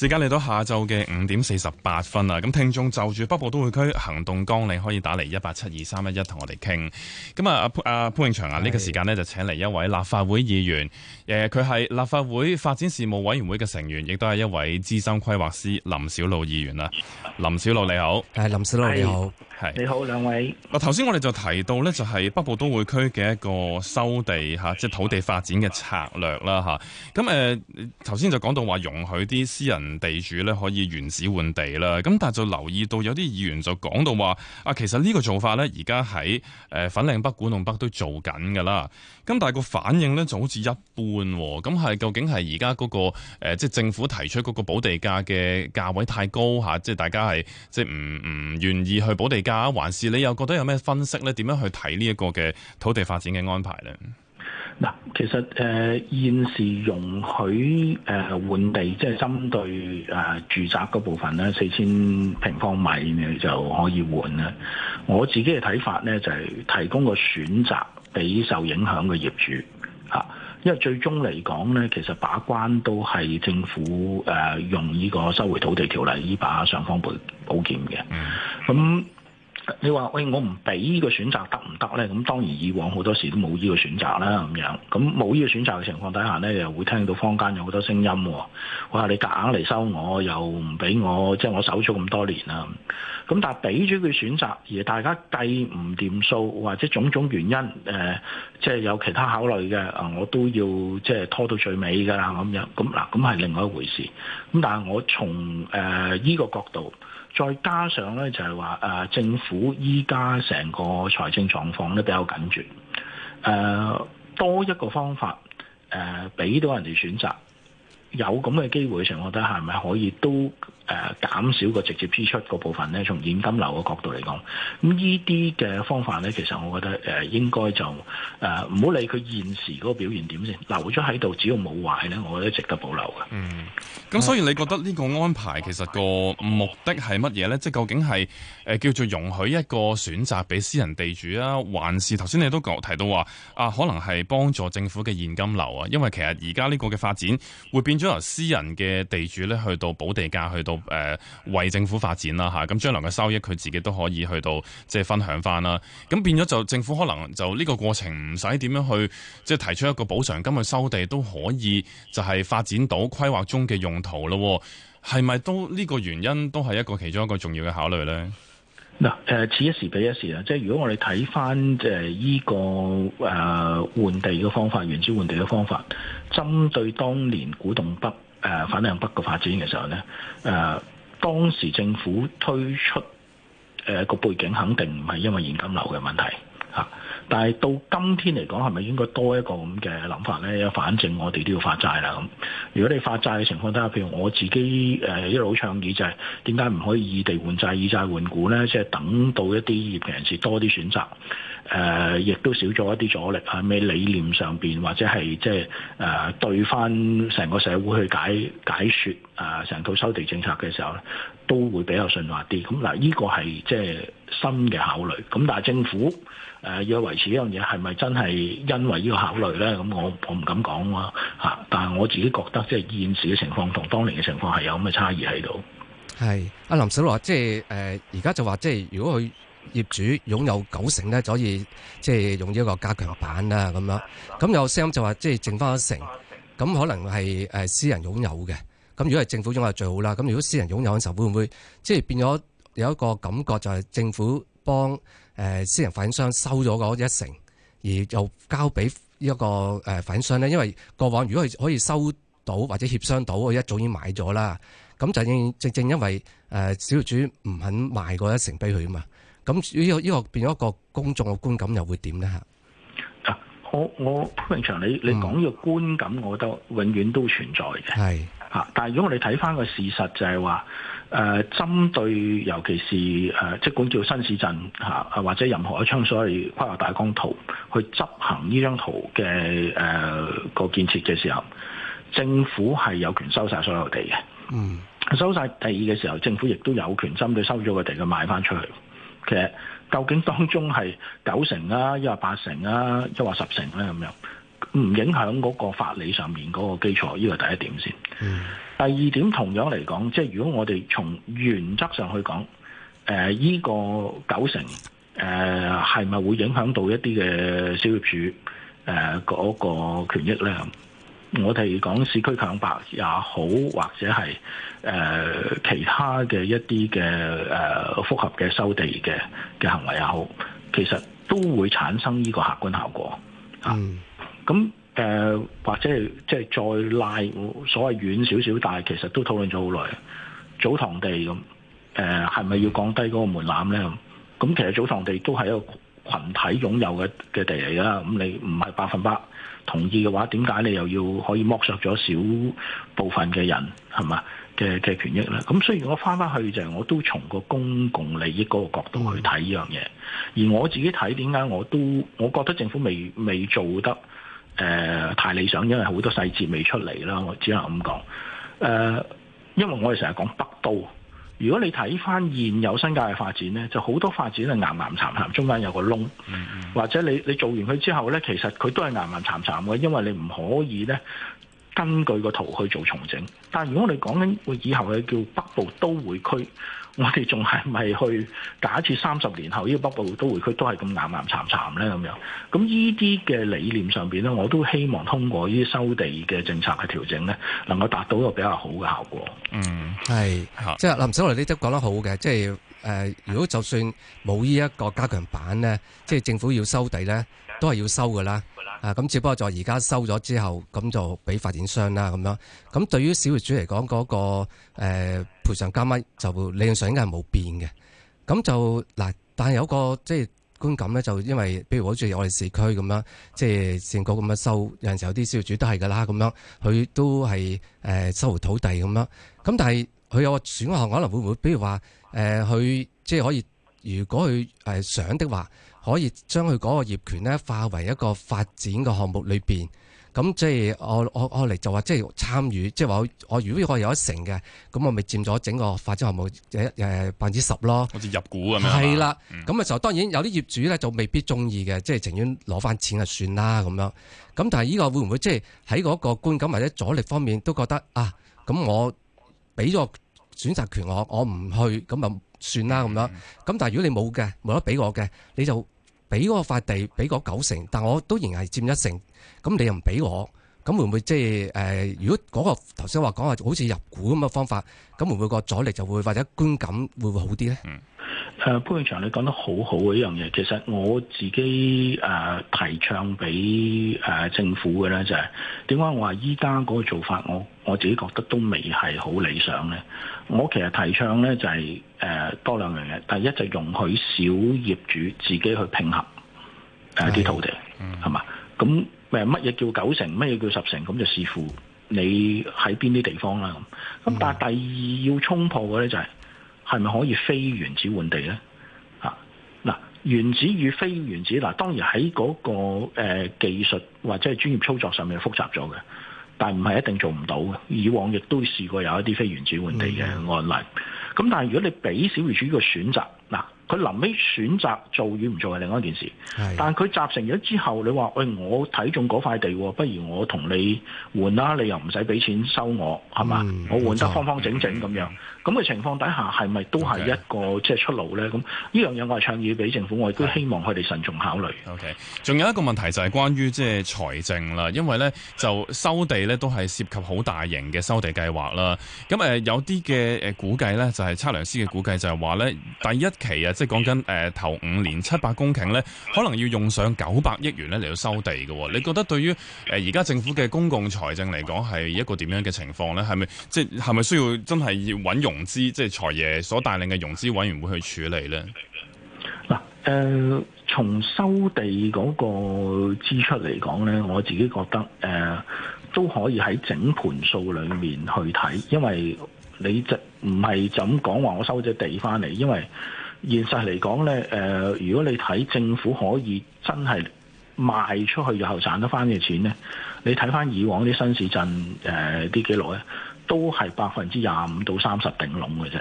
時間嚟到下晝嘅五點四十八分啦，咁聽眾就住北部都會區行動綱領，你可以打嚟一八七二三一一同我哋傾。咁啊啊潘永祥啊，呢、這個時間呢就請嚟一位立法會議員，誒佢係立法會發展事務委員會嘅成員，亦都係一位資深規劃師林筱魯議員啦。林筱魯你好，誒林筱魯你好，你好，兩位。嗱頭先我哋就提到呢，就係北部都會區嘅一個收地即係、啊就是、土地發展嘅策略啦，咁誒頭先就講到話容許啲私人地主咧可以原址換地啦，咁但係就留意到有啲議員就講到話啊，其實呢個做法咧而家喺誒粉嶺北、古洞北都做緊噶啦，咁但係個反應咧就好似一般，咁係究竟係而家嗰個即係政府提出嗰個補地價嘅價位太高嚇，即係大家係即係唔唔願意去補地價，還是你又覺得有咩分析咧？點樣去睇呢一個嘅土地發展嘅安排咧？嗱，其實誒、呃、現時容許誒、呃、換地，即係針對誒、呃、住宅嗰部分咧，四千平方米就可以換。我自己嘅睇法咧，就係、是、提供個選擇俾受影響嘅業主、啊、因為最終嚟講咧，其實把關都係政府誒、呃、用呢個收回土地條例依把尚方寶寶劍嘅，咁、嗯。嗯你話喂，我唔俾呢個選擇得唔得咧？咁當然以往好多時都冇呢個選擇啦，咁樣咁冇呢個選擇嘅情況底下咧，又會聽到坊間有好多聲音，哇、哦！你夾硬嚟收我，又唔俾我，即、就、係、是、我守咗咁多年啦。咁但係俾咗佢選擇，而大家計唔掂數，或者種種原因，呃、即係有其他考慮嘅，啊，我都要即係拖到最尾噶啦，咁樣咁嗱，咁係另外一回事。咁但係我從呢、呃呢個角度。再加上咧就係話、啊、政府依家成個財政狀況咧比較緊張，啊，多一個方法誒俾、啊、到人哋選擇，有咁嘅機會上，我覺得係咪可以都誒減少個直接支出個部分咧？從現金流嘅角度嚟講，咁呢啲嘅方法咧，其實我覺得誒、呃、應該就誒唔好理佢現時嗰個表現點先，留咗喺度，只要冇壞咧，我覺得值得保留嘅。嗯，咁所以你覺得呢個安排其實個目的係乜嘢咧？即係究竟係誒、呃、叫做容許一個選擇俾私人地主啊，還是頭先你都講提到話啊，可能係幫助政府嘅現金流啊？因為其實而家呢個嘅發展會變。將來私人嘅地主咧，去到補地價，去到誒為政府發展啦吓，咁將來嘅收益，佢自己都可以去到即係分享翻啦。咁變咗就政府可能就呢個過程唔使點樣去即係提出一個補償金去收地，都可以就係發展到規劃中嘅用途咯。係咪都呢個原因都係一個其中一個重要嘅考慮呢？嗱誒，此一時彼一時啊！即係如果我哋睇翻即係依個誒換地嘅方法，原址換地嘅方法，針對當年古洞北誒粉嶺北嘅發展嘅時候咧，誒當時政府推出誒個背景，肯定唔係因爲現金流嘅問題。但係到今天嚟講，係咪應該多一個咁嘅諗法呢？因為反正我哋都要發債啦。咁如果你發債嘅情況底下，譬如我自己誒、呃、一路倡議就係點解唔可以以地換債、以債換股呢？即、就、係、是、等到一啲業人士多啲選擇，誒、呃、亦都少咗一啲阻力喺咩理念上邊或者係即係誒對翻成個社會去解解説啊成套收地政策嘅時候，都會比較順滑啲。咁嗱，呢、這個係即係新嘅考慮。咁但係政府。誒要維持呢樣嘢係咪真係因為呢個考慮咧？咁我我唔敢講喎嚇。但係我自己覺得即係現時嘅情況同當年嘅情況係有咁嘅差異喺度。係阿林筱魯即係誒而家就話即係如果佢業主擁有九成咧，就可以即係用呢個加強版啦。咁樣。咁有聲就話即係剩翻一成，咁可能係誒、呃、私人擁有嘅。咁如果係政府擁有最好啦。咁如果，咁如果私人擁有嘅時候，會唔會即係變咗有一個感覺就係政府幫？誒私人發展商收咗嗰一成，而又交俾一個誒發展商咧，因為過往如果係可以收到或者協商到，我一早已買咗啦。咁就正正因為誒小業主唔肯賣嗰一成俾佢啊嘛。咁呢個呢個變咗一個公眾嘅觀感，又會點咧嚇？啊，我我潘永祥，你你講呢個觀感我都，我覺得永遠都存在嘅。係嚇、啊，但係如果我哋睇翻個事實就，就係話。誒、呃，針對尤其是誒、呃，即管叫做新市鎮、啊、或者任何一張所謂規劃大綱圖，去執行呢張圖嘅誒、呃、個建設嘅時候，政府係有權收曬所有地嘅。嗯，收曬地嘅時候，政府亦都有權針對收咗個地嘅賣翻出去。其實究竟當中係九成啊，抑或八成啊，抑或十成咧、啊、咁樣，唔影響嗰個法理上面嗰個基礎。呢個係第一點先。嗯。第二點同樣嚟講，即係如果我哋從原則上去講，誒、呃、依、這個九成誒係咪會影響到一啲嘅小業主誒嗰、呃那個權益咧？我哋講市區強拍也好，或者係誒、呃、其他嘅一啲嘅誒複合嘅收地嘅嘅行為也好，其實都會產生呢個客觀效果嚇，咁、嗯。誒、呃、或者係即係再拉所謂遠少少，但係其實都討論咗好耐。祖堂地咁誒係咪要降低嗰個門檻呢？咁其實祖堂地都係一個群體擁有嘅嘅地嚟㗎。咁你唔係百分百同意嘅話，點解你又要可以剝削咗少部分嘅人係嘛嘅嘅權益呢？咁雖然我翻翻去就係，我都從個公共利益嗰個角度去睇呢樣嘢。而我自己睇點解我都我覺得政府未未做得。誒、呃、太理想，因為好多細節未出嚟啦，我只能咁講。誒、呃，因為我哋成日講北都，如果你睇翻現有新界嘅發展呢，就好多發展係岩岩沉沉，中間有個窿，mm -hmm. 或者你你做完佢之後呢，其實佢都係岩岩沉沉嘅，因為你唔可以根據個圖去做重整。但如果我哋講緊以後嘅叫北部都會區。我哋仲係咪去假設三十年後呢個北部都會區都係咁岩岩沉沉咧咁樣？咁呢啲嘅理念上邊咧，我都希望通過呢啲收地嘅政策嘅調整咧，能夠達到一個比較好嘅效果。嗯，係，即係林筱魯呢都講得好嘅，即係誒，如果、呃、就算冇呢一個加強版咧，即係政府要收地咧，都係要收㗎啦。啊，咁只不過在而家收咗之後，咁就俾發展商啦，咁樣。咁對於小業主嚟講，嗰、那個誒賠償金額就理論上應該係冇變嘅。咁就嗱，但係有個即係觀感咧，就因為比如好似我哋市區咁樣，即係市建局咁樣收，有陣時候有啲小業主都係噶啦，咁樣佢都係收回土地咁樣。咁但係佢有個選項，可能會唔會？比如話誒，佢即係可以，如果佢係想的話，可以將佢嗰個業權咧化為一個發展嘅項目裏邊，咁即係我我我嚟就話即係參與，即係話我如果我有一成嘅，咁我咪佔咗整個發展項目誒誒百分之十咯，好似入股咁樣，係啦，咁、嗯、嘅時候當然有啲業主咧就未必中意嘅，即係情願攞翻錢就算啦咁樣。咁但係呢個會唔會即係喺嗰個觀感或者阻力方面都覺得啊？咁我俾咗選擇權我，我唔去咁就。算啦咁樣，咁但係如果你冇嘅，冇得俾我嘅，你就俾嗰個塊地俾我九成，但係我都仍係佔一成，咁你又唔俾我，咁會唔會即係誒？如果嗰個頭先話講話好似入股咁嘅方法，咁會唔會個阻力就會或者觀感會唔會好啲咧？誒、呃、潘永祥，你講得好好嘅呢樣嘢，其實我自己誒、呃、提倡俾誒政府嘅咧、就是，就係點解我話依家嗰個做法我，我我自己覺得都未係好理想咧。我其實提倡咧就係、是、誒、呃、多兩樣嘢，第一就是、容許小業主自己去拼合誒啲土地，係、嗯、嘛？咁乜嘢叫九成，乜嘢叫十成，咁就視乎你喺邊啲地方啦。咁但係第二要衝破嘅咧就係、是。係咪可以非原子換地呢？嗱、啊，原子與非原子嗱，當然喺嗰、那個、呃、技術或者係專業操作上面複雜咗嘅，但唔係一定做唔到嘅。以往亦都試過有一啲非原子換地嘅案例。咁、嗯、但係如果你俾小業主個選擇，嗱、啊，佢臨尾選擇做與唔做係另外一件事。是但佢集成咗之後，你話：，喂、哎，我睇中嗰塊地，不如我同你換啦，你又唔使俾錢收我，係、嗯、嘛？我換得方方整整咁、嗯嗯、樣。咁嘅情況底下，係咪都係一個、okay. 即係出路咧？咁呢樣嘢我係倡議俾政府，我亦都希望佢哋慎重考慮 OK，仲有一個問題就係關於即係財政啦，因為咧就收地咧都係涉及好大型嘅收地計劃啦。咁誒，有啲嘅誒估計咧，就係、是、測量師嘅估計就係話咧第一期啊，即係講緊誒頭五年七百公頃咧，可能要用上九百億元咧嚟到收地嘅、哦。你覺得對於誒而家政府嘅公共財政嚟講係一個點樣嘅情況咧？係咪即係係咪需要真係要揾用？財融資即係財爺所帶領嘅融資委員會去處理呢。嗱、呃，誒，從收地嗰個支出嚟講呢，我自己覺得誒、呃、都可以喺整盤數裏面去睇，因為你就唔係就咁講話我收咗地翻嚟，因為現實嚟講呢，誒、呃，如果你睇政府可以真係賣出去以後賺得翻嘅錢呢，你睇翻以往啲新市鎮誒啲記錄都係百分之廿五到三十頂籠嘅啫，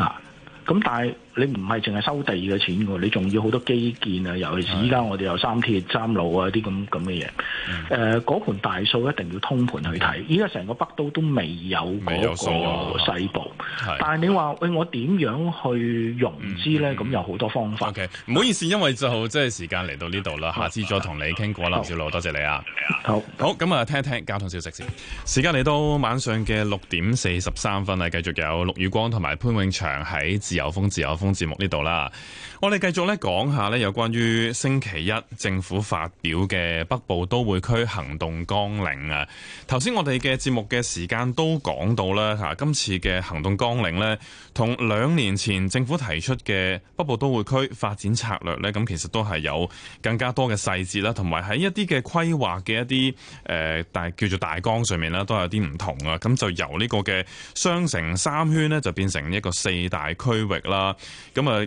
啊！咁但係。你唔係淨係收地嘅錢喎，你仲要好多基建啊，尤其是依家我哋有三鐵、三路啊啲咁咁嘅嘢。誒，嗰、嗯呃、盤大數一定要通盤去睇。依家成個北都都未有嗰個西部，啊嗯、但係你話喂、欸，我點樣去融資咧？咁、嗯嗯、有好多方法。O.K. 唔好意思，因為就即係時間嚟到呢度啦，下次再同你傾過啦，筱、嗯、魯，多謝，謝你啊。好，好咁啊，聽一聽交通消息先。時間嚟到晚上嘅六點四十三分啦，繼續有陸宇光同埋潘永祥喺自由風自由風，節目呢度啦，我哋繼續咧講下咧有關於星期一政府發表嘅北部都會區行動綱領啊。頭先我哋嘅節目嘅時間都講到啦，吓今次嘅行動綱領呢。同兩年前政府提出嘅北部都會區發展策略咧，咁其實都係有更加多嘅細節啦，同埋喺一啲嘅規劃嘅一啲誒大叫做大綱上面咧，都有啲唔同啊。咁就由呢個嘅雙城三圈咧，就變成一個四大區域啦。咁啊，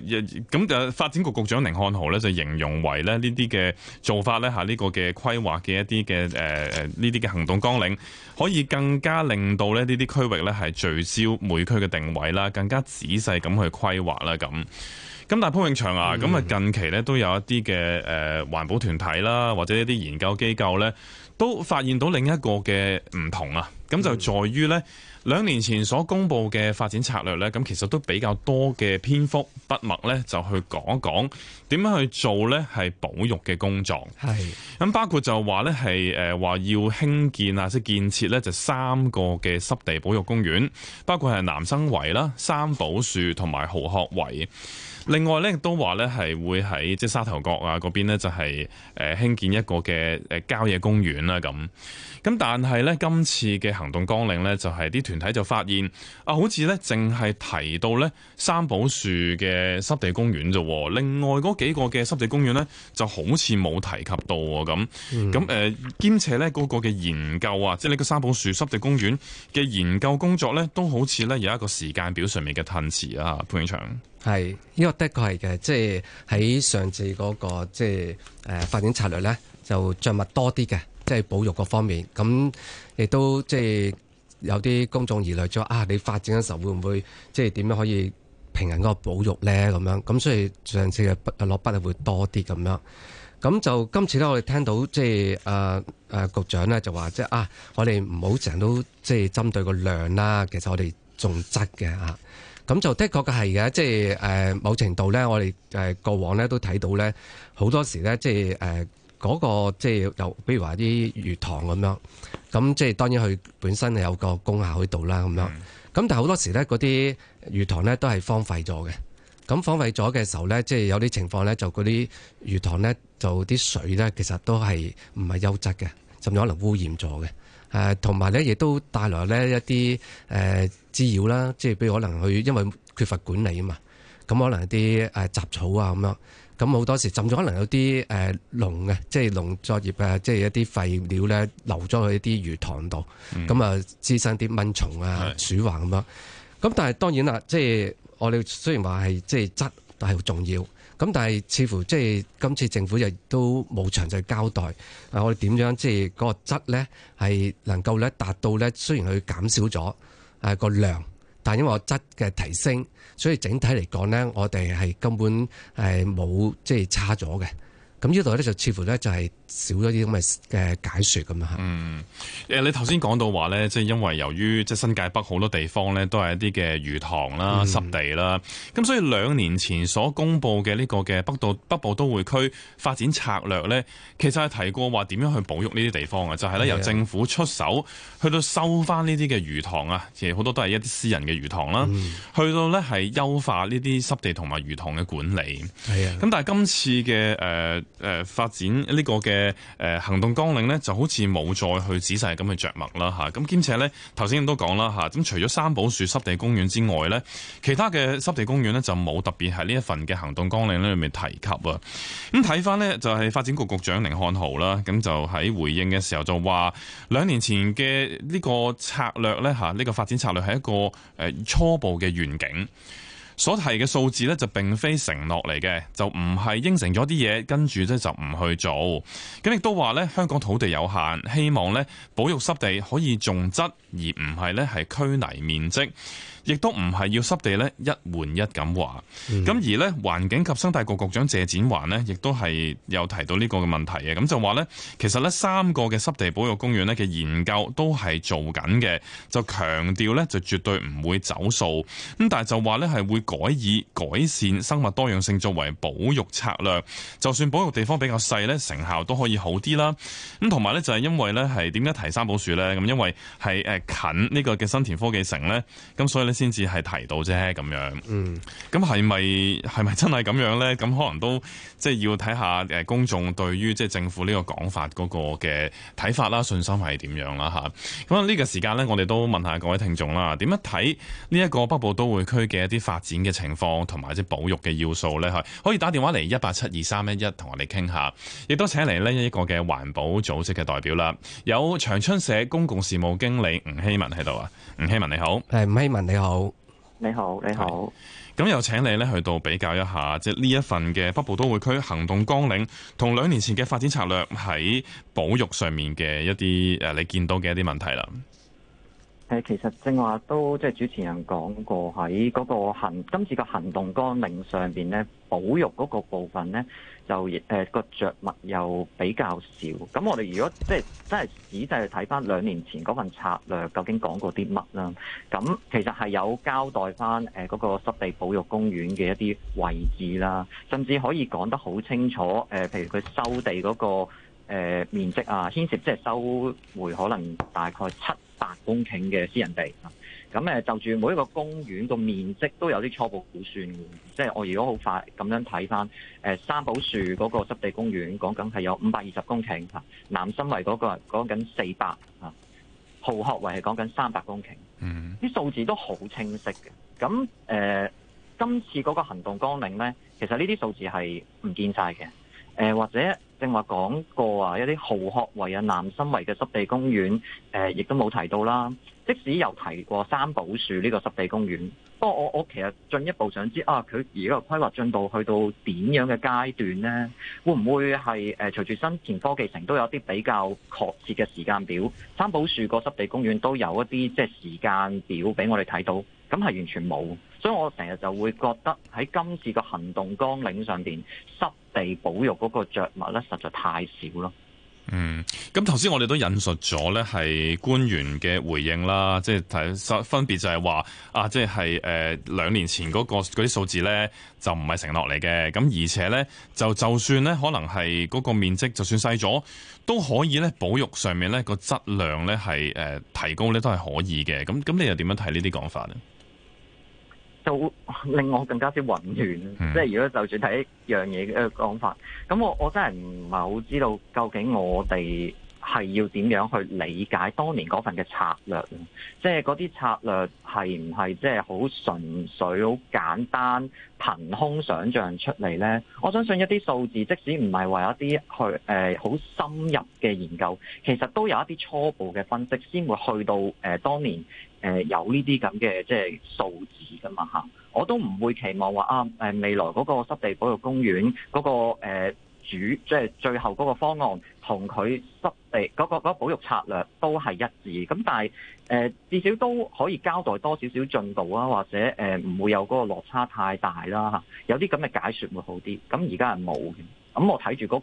咁啊，發展局局長寧漢豪咧就形容為咧呢啲嘅做法咧吓呢個嘅規劃嘅一啲嘅誒誒呢啲嘅行動綱領可以更加令到咧呢啲區域咧係聚焦每區嘅定位啦，更加。仔細咁去規劃啦，咁。咁但係潘永祥啊，咁、嗯、啊近期咧都有一啲嘅誒環保團體啦，或者一啲研究機構咧，都發現到另一個嘅唔同啊。咁、嗯、就在於咧，兩年前所公布嘅發展策略咧，咁其實都比較多嘅篇幅筆墨咧，就去講一講點樣去做咧，係保育嘅工作。咁包括就話咧係誒話要興建啊，即係建設咧就三個嘅濕地保育公園，包括係南生圍啦、三寶樹同埋豪學圍。另外咧，亦都話咧，係會喺即係沙頭角啊嗰邊咧，就係、是、誒、呃、興建一個嘅誒郊野公園啦。咁咁，但係咧今次嘅行動綱領咧，就係、是、啲團體就發現啊，好似咧淨係提到咧三寶樹嘅濕地公園啫。另外嗰幾個嘅濕地公園咧，就好似冇提及到喎。咁咁誒，兼且咧嗰個嘅研究啊，即係呢個三寶樹濕地公園嘅研究工作咧，都好似咧有一個時間表上面嘅褪遲啊。潘永祥。係，呢、這個的確係嘅，即係喺上次嗰、那個即係誒、呃、發展策略咧，就著墨多啲嘅，即係保育各方面。咁亦都即係有啲公眾疑慮咗啊！你發展嘅時候會唔會即係點樣可以平衡嗰個保育咧？咁樣咁，所以上次嘅筆落筆啊會多啲咁樣。咁就今次咧，我哋聽到即係誒誒局長咧就話即係啊，我哋唔好成日都即係針對個量啦，其實我哋重質嘅啊。咁就的確嘅係嘅，即係誒、呃、某程度咧，我哋誒過往咧都睇到咧，好多時咧，即係誒嗰個即係又，比如話啲魚塘咁樣，咁即係當然佢本身係有個功效喺度啦，咁樣。咁但係好多時咧，嗰啲魚塘咧都係荒廢咗嘅。咁荒廢咗嘅時候咧，即係有啲情況咧，就嗰啲魚塘咧，就啲水咧，其實都係唔係優質嘅，甚至可能污染咗嘅。誒同埋咧，亦都帶來咧一啲誒、呃、滋擾啦，即係譬如可能佢因為缺乏管理啊嘛，咁可能啲誒、呃、雜草啊咁樣，咁好多時浸咗可能有啲誒農嘅，即係農作業啊，即係一啲廢料咧，流咗去一啲魚塘度，咁、嗯、啊滋生啲蚊蟲啊鼠患咁樣。咁、啊、但係當然啦，即係我哋雖然話係即係質但係好重要。咁但係似乎即係今次政府亦都冇詳細交代，啊我哋點樣即係嗰個質咧係能夠咧達到咧，雖然佢減少咗啊個量，但因為個質嘅提升，所以整體嚟講咧，我哋係根本係冇即係差咗嘅。咁呢度咧就似乎咧就係少咗啲咁嘅解説，咁樣嗯，你頭先講到話咧，即係因為由於即係新界北好多地方咧都係一啲嘅魚塘啦、濕地啦，咁、嗯、所以兩年前所公布嘅呢個嘅北都北部都會區發展策略咧，其實係提過話點樣去保育呢啲地方嘅，就係、是、咧由政府出手去到收翻呢啲嘅魚塘啊，其實好多都係一啲私人嘅魚塘啦、嗯，去到咧係優化呢啲濕地同埋魚塘嘅管理。係、嗯、啊，咁但係今次嘅誒發展呢個嘅誒行動綱領呢，就好似冇再去仔細咁去着墨啦嚇。咁兼且呢，頭先都講啦嚇。咁除咗三寶樹濕地公園之外呢，其他嘅濕地公園呢，就冇特別喺呢一份嘅行動綱領咧裏面提及啊。咁睇翻呢，就係、是、發展局局長甯漢豪啦，咁就喺回應嘅時候就話兩年前嘅呢個策略呢，嚇，呢個發展策略係一個誒初步嘅願景。所提嘅數字咧就並非承諾嚟嘅，不是就唔係應承咗啲嘢，跟住咧就唔去做。咁亦都話咧，香港土地有限，希望咧保育濕地可以重質而唔係咧係拘泥面積。亦都唔係要濕地咧一換一咁話，咁、嗯、而呢環境及生態局局長謝展寰呢，亦都係有提到呢個嘅問題嘅，咁就話呢，其實呢三個嘅濕地保育公園呢嘅研究都係做緊嘅，就強調呢就絕對唔會走數，咁但係就話呢係會改以改善生物多樣性作為保育策略，就算保育地方比較細呢，成效都可以好啲啦。咁同埋呢，就係因為呢係點解提三寶樹呢？咁因為係誒近呢個嘅新田科技城呢。咁所以呢先至係提到啫咁樣，嗯，咁係咪係咪真係咁樣呢？咁可能都即係要睇下誒公眾對於即係政府呢個講法嗰個嘅睇法啦、信心係點樣啦嚇。咁啊，呢個時間呢，我哋都問下各位聽眾啦，點樣睇呢一個北部都會區嘅一啲發展嘅情況同埋啲保育嘅要素呢？可以打電話嚟一八七二三一一同我哋傾下。亦都請嚟呢一個嘅環保組織嘅代表啦，有長春社公共事務經理吳希文喺度啊。吳希文你好，係吳希文你好。好，你好，你好。咁又請你咧去到比較一下，即係呢一份嘅北部都會區行動綱領同兩年前嘅發展策略喺保育上面嘅一啲誒，你見到嘅一啲問題啦。誒，其實正話都即係主持人講過，喺嗰個行今次嘅行動綱領上邊咧，保育嗰個部分咧，就誒個着物又比較少，咁我哋如果即係真係仔細去睇翻兩年前嗰份策略，究竟講過啲乜啦？咁其實係有交代翻誒嗰個濕地保育公園嘅一啲位置啦，甚至可以講得好清楚誒、呃，譬如佢收地嗰、嗰個、呃、面積啊，牽涉即係收回可能大概七八公頃嘅私人地。咁就住每一個公園個面積都有啲初步估算嘅，即係我如果好快咁樣睇翻誒三寶樹嗰個濕地公園講緊係有五百二十公頃，南生圍嗰個講緊四百嚇，蠔殼圍係講緊三百公頃，嗯，啲數字都好清晰嘅。咁誒、呃，今次嗰個行動綱領咧，其實呢啲數字係唔見晒嘅，誒、呃、或者正話講過啊，一啲蠔殼圍啊、南生圍嘅濕地公園亦、呃、都冇提到啦。即使有提過三寶樹呢個濕地公園，不過我我其實進一步想知啊，佢而家個規劃進度去到點樣嘅階段呢？會唔會係誒、呃、隨住新田科技城都有一啲比較確切嘅時間表？三寶樹個濕地公園都有一啲即係時間表俾我哋睇到，咁係完全冇，所以我成日就會覺得喺今次個行動綱領上面，濕地保育嗰個著墨咧實在太少咯。嗯，咁頭先我哋都引述咗呢，係官員嘅回應啦，即係分別就係話啊，即係誒兩年前嗰個嗰啲數字呢，就唔係承諾嚟嘅，咁而且呢，就就算呢，可能係嗰個面積就算細咗，都可以呢保育上面呢個質量呢係誒提高呢，都係可以嘅，咁咁你又點樣睇呢啲講法呢？都令我更加之混亂，即係如果就算睇一樣嘢嘅講法，咁我我真係唔係好知道究竟我哋係要點樣去理解當年嗰份嘅策略，即係嗰啲策略係唔係即係好純粹、好簡單、憑空想像出嚟呢？我相信一啲數字，即使唔係話一啲去誒好深入嘅研究，其實都有一啲初步嘅分析先會去到誒、呃、當年。誒有呢啲咁嘅即係數字噶嘛嚇，我都唔會期望話啊未來嗰個濕地保育公園嗰、那個、呃、主即係、就是、最後嗰個方案同佢濕地嗰、那個嗰、那個、保育策略都係一致，咁但係誒、呃、至少都可以交代多少少進度啊，或者誒唔會有嗰個落差太大啦嚇，有啲咁嘅解説會好啲，咁而家係冇嘅。咁我睇住嗰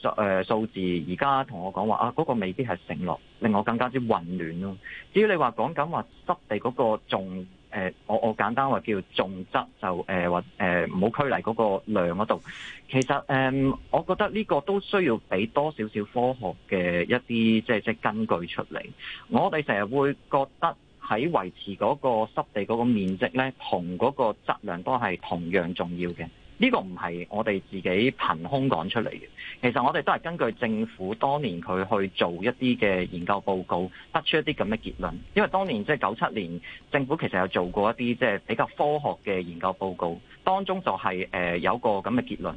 個誒數數字，而家同我講話啊，嗰、嗰個未必係承諾，令我更加之混亂咯。至於你話講緊話濕地嗰個重誒、呃，我我簡單話叫重質就誒或唔好拘泥嗰個量嗰度，其實誒、呃、我覺得呢個都需要俾多少少科學嘅一啲即係即係根據出嚟。我哋成日會覺得喺維持嗰個濕地嗰個面積咧，同嗰個質量都係同樣重要嘅。呢個唔係我哋自己憑空講出嚟嘅，其實我哋都係根據政府當年佢去做一啲嘅研究報告，得出一啲咁嘅結論，因為當年即係九七年，政府其實有做過一啲即係比較科學嘅研究報告，當中就係誒有個咁嘅結論。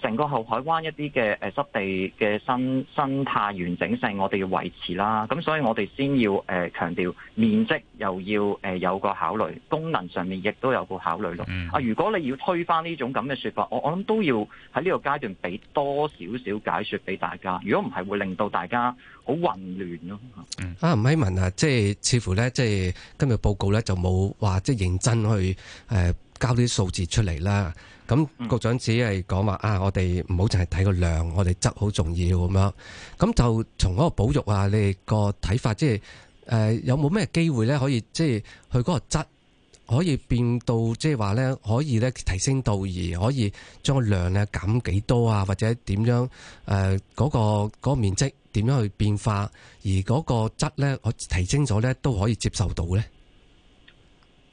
成個後海灣一啲嘅誒濕地嘅生生態完整性，我哋要維持啦。咁所以，我哋先要誒強調面積，又要誒有個考慮。功能上面亦都有個考慮咯、嗯。啊，如果你要推翻呢種咁嘅説法，我我諗都要喺呢個階段俾多少少解説俾大家。如果唔係，會令到大家好混亂咯、嗯。啊，吳希文啊，即係似乎咧，即係今日報告咧就冇話即係認真去誒、呃、交啲數字出嚟啦。咁、嗯，局長只係講話啊，我哋唔好淨係睇個量，我哋質好重要咁樣。咁就從嗰個保育啊，你哋個睇法，即係誒、呃、有冇咩機會咧，可以即係去嗰個質可以變到，即係話咧可以咧提升到，而可以將個量咧減幾多啊，或者點樣誒嗰、呃那個，那個面積點樣去變化，而嗰個質咧我提升咗咧都可以接受到咧。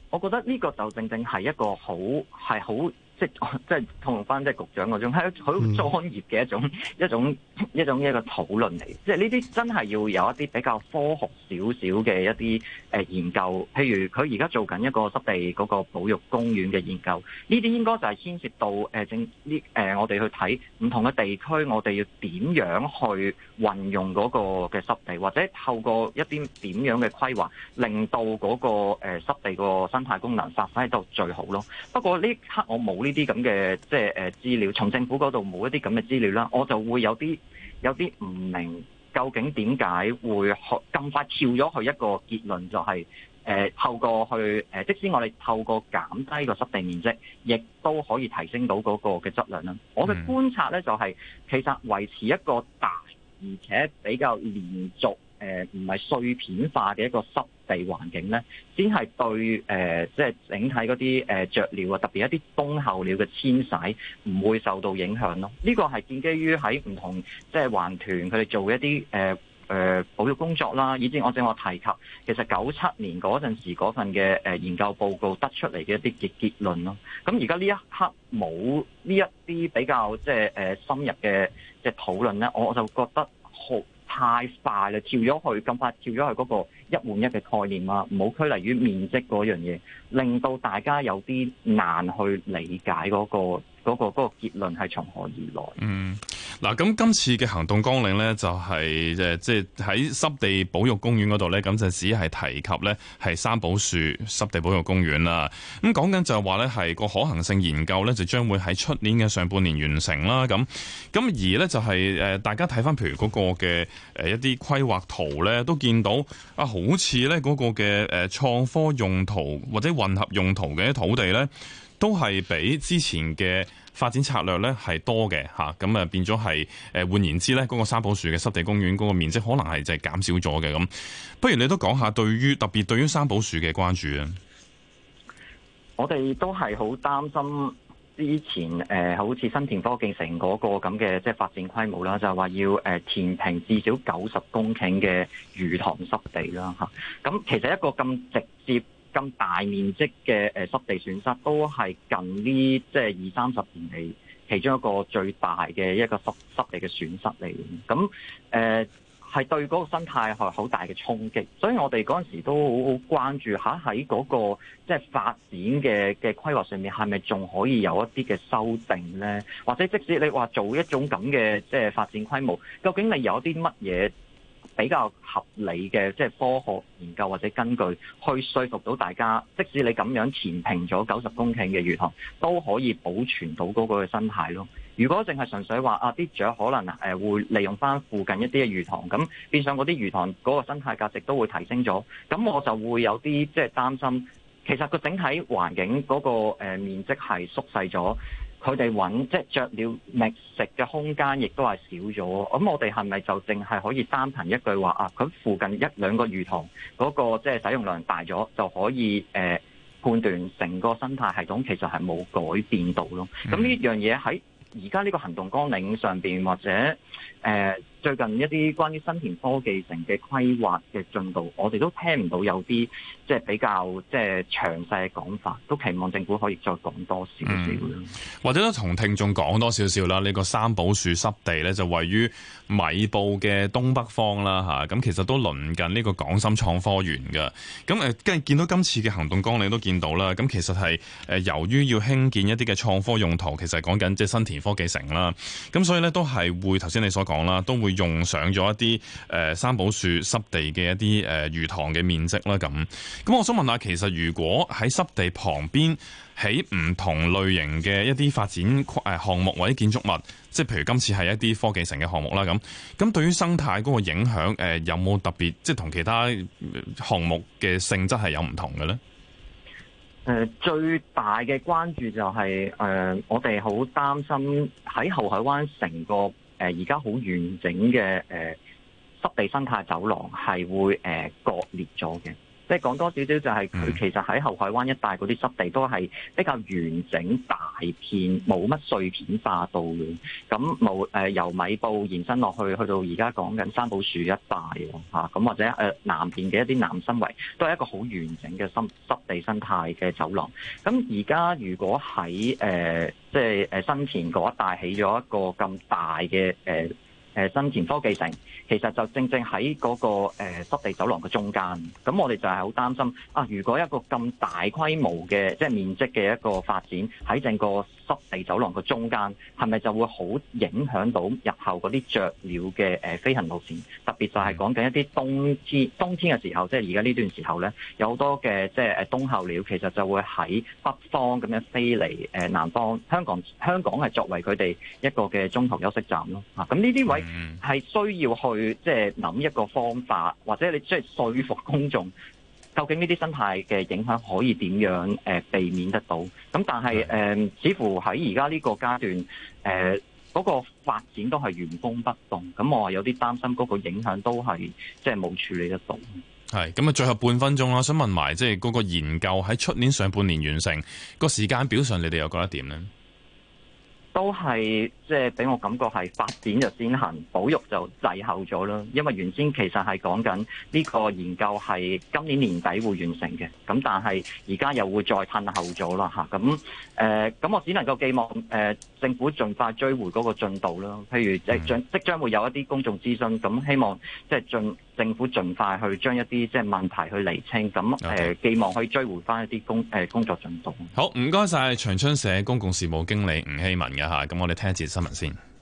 我覺得呢個就正正係一個好係好。即係即係同翻即係局長嗰種係好專業嘅一種、嗯、一種一種，一種一個討論嚟，即係呢啲真係要有一啲比較科學少少嘅一啲誒研究，譬如佢而家做緊一個濕地嗰個保育公園嘅研究，呢啲應該就係牽涉到誒正呢誒我哋去睇唔同嘅地區，我哋要點樣去運用嗰個嘅濕地，或者透過一啲點樣嘅規劃令到嗰個誒濕地個生態功能發揮到最好咯。不過呢刻我冇。呢啲咁嘅即係呃資料，從政府嗰度冇一啲咁嘅資料啦，我就會有啲有啲唔明，究竟點解會咁快跳咗去一個結論，就係、是呃、透過去、呃、即使我哋透過減低個濕地面積，亦都可以提升到嗰個嘅質量啦。我嘅觀察咧，就係、是、其實維持一個大而且比較連續。誒唔係碎片化嘅一個濕地環境咧，先係對誒，即、呃、係、就是、整體嗰啲誒雀鳥啊，特別一啲冬候鳥嘅遷徙唔會受到影響咯。呢、這個係建基於喺唔同即係、就是、環團佢哋做一啲誒誒保育工作啦，以及我正我提及其實九七年嗰陣時嗰份嘅誒研究報告得出嚟嘅一啲結論咯。咁而家呢一刻冇呢一啲比較即係誒深入嘅即係討論咧，我就覺得好，太快啦，跳咗去咁快跳咗去嗰個一換一嘅概念啊，唔好拘泥於面積嗰樣嘢，令到大家有啲難去理解嗰個嗰個嗰個結論係從何而來。嗯。嗱，咁今次嘅行動綱領呢，就係即係喺濕地保育公園嗰度呢。咁就只係提及呢係三寶樹濕地保育公園啦。咁講緊就係話呢係個可行性研究呢，就將會喺出年嘅上半年完成啦。咁，咁而呢，就係、誒、大家睇翻譬如嗰個嘅一啲規劃圖呢，都見到啊，好似呢嗰個嘅誒創科用途或者混合用途嘅土地呢，都係比之前嘅。發展策略咧係多嘅嚇，咁啊變咗係誒換言之咧，嗰、那個三寶樹嘅濕地公園嗰個面積可能係就係減少咗嘅咁，不如你都講下對於特別對於三寶樹嘅關注啊！我哋都係好擔心之前誒、呃、好似新田科技城嗰個咁嘅即係發展規模啦，就話、是、要誒填平至少九十公頃嘅魚塘濕地啦嚇。咁其實一個咁直接。咁大面積嘅誒濕地損失，都係近呢即係二三十年嚟，其中一個最大嘅一個濕濕地嘅損失嚟。咁誒係對嗰個生態係好大嘅衝擊，所以我哋嗰陣時都好好關注下喺嗰個即係發展嘅嘅規劃上面，係咪仲可以有一啲嘅修正呢？或者即使你話做一種咁嘅即係發展規模，究竟係有啲乜嘢？比較合理嘅即係科學研究或者根據去說服到大家，即使你咁樣填平咗九十公頃嘅魚塘，都可以保存到嗰個嘅生態咯。如果淨係純粹話啊，啲雀可能誒會利用翻附近一啲嘅魚塘，咁變相嗰啲魚塘嗰個生態價值都會提升咗，咁我就會有啲即係擔心。其實個整體環境嗰個誒面積係縮細咗。佢哋揾即係雀鳥覓食嘅空間，亦都係少咗。咁我哋係咪就淨係可以單憑一句話啊？佢附近一兩個魚塘嗰、那個即係、就是、使用量大咗，就可以誒、呃、判斷成個生態系統其實係冇改變到咯。咁呢樣嘢喺而家呢個行動綱領上邊或者誒？呃最近一啲關於新田科技城嘅規劃嘅進度，我哋都聽唔到有啲即係比較即係詳細嘅講法，都期望政府可以再講多少少、嗯。或者都同聽眾講多少少啦。呢、這個三寶樹濕地呢，就位於米埔嘅東北方啦，嚇咁其實都鄰近呢個港深創科園嘅。咁誒跟住見到今次嘅行動綱領，你都見到啦。咁其實係誒由於要興建一啲嘅創科用途，其實講緊即係新田科技城啦。咁所以呢，都係會頭先你所講啦，都會。用上咗一啲誒三寶樹濕地嘅一啲誒、呃、魚塘嘅面積啦，咁咁，我想問下，其實如果喺濕地旁邊起唔同類型嘅一啲發展誒、呃、項目或者建築物，即係譬如今次係一啲科技城嘅項目啦，咁咁，對於生態嗰個影響誒、呃、有冇特別即係同其他項目嘅性質係有唔同嘅咧？誒、呃、最大嘅關注就係、是、誒、呃、我哋好擔心喺后海灣成個。誒而家好完整嘅誒濕地生態走廊係會誒割裂咗嘅。即係講多少少就係、是、佢其實喺後海灣一帶嗰啲濕地都係比較完整大片，冇乜碎片化到嘅。咁冇誒由米埔延伸落去，去到而家講緊三寶樹一帶啊，咁或者誒南邊嘅一啲南生圍都係一個好完整嘅濕濕地生態嘅走廊。咁而家如果喺誒即係誒新田嗰一帶起咗一個咁大嘅誒。呃誒新田科技城其實就正正喺嗰個誒濕地走廊嘅中間，咁我哋就係好擔心啊！如果一個咁大規模嘅即係面積嘅一個發展喺整個濕地走廊嘅中間係咪就會好影響到日後嗰啲雀鳥嘅飛行路線？特別就係講緊一啲冬天冬天嘅時候，即係而家呢段時候咧，有好多嘅即係冬候鳥，其實就會喺北方咁樣飛嚟南方。香港香港係作為佢哋一個嘅中途休息站咯。啊，咁呢啲位係需要去即係諗一個方法，或者你即係説服公眾。究竟呢啲生態嘅影響可以點樣誒避免得到？咁但係誒、呃，似乎喺而家呢個階段誒，嗰、呃嗰個發展都係原封不動。咁我話有啲擔心嗰個影響都係即係冇處理得到。係咁啊，最後半分鐘啦，想問埋即係嗰個研究喺出年上半年完成，個時間表上，你哋又覺得點呢？都係即係俾我感覺係發展就先行，保育就滯後咗囉。因為原先其實係講緊呢個研究係今年年底會完成嘅，咁但係而家又會再褪後咗啦嚇。咁誒咁我只能夠寄望誒、呃、政府盡快追回嗰個進度囉。譬如即將即將會有一啲公眾諮詢，咁希望即係進。政府盡快去將一啲即係問題去釐清，咁誒寄望可以追回翻一啲工誒工作進度。Okay. 好，唔該晒，長春社公共事務經理吳希文嘅吓，咁我哋聽一節新聞先。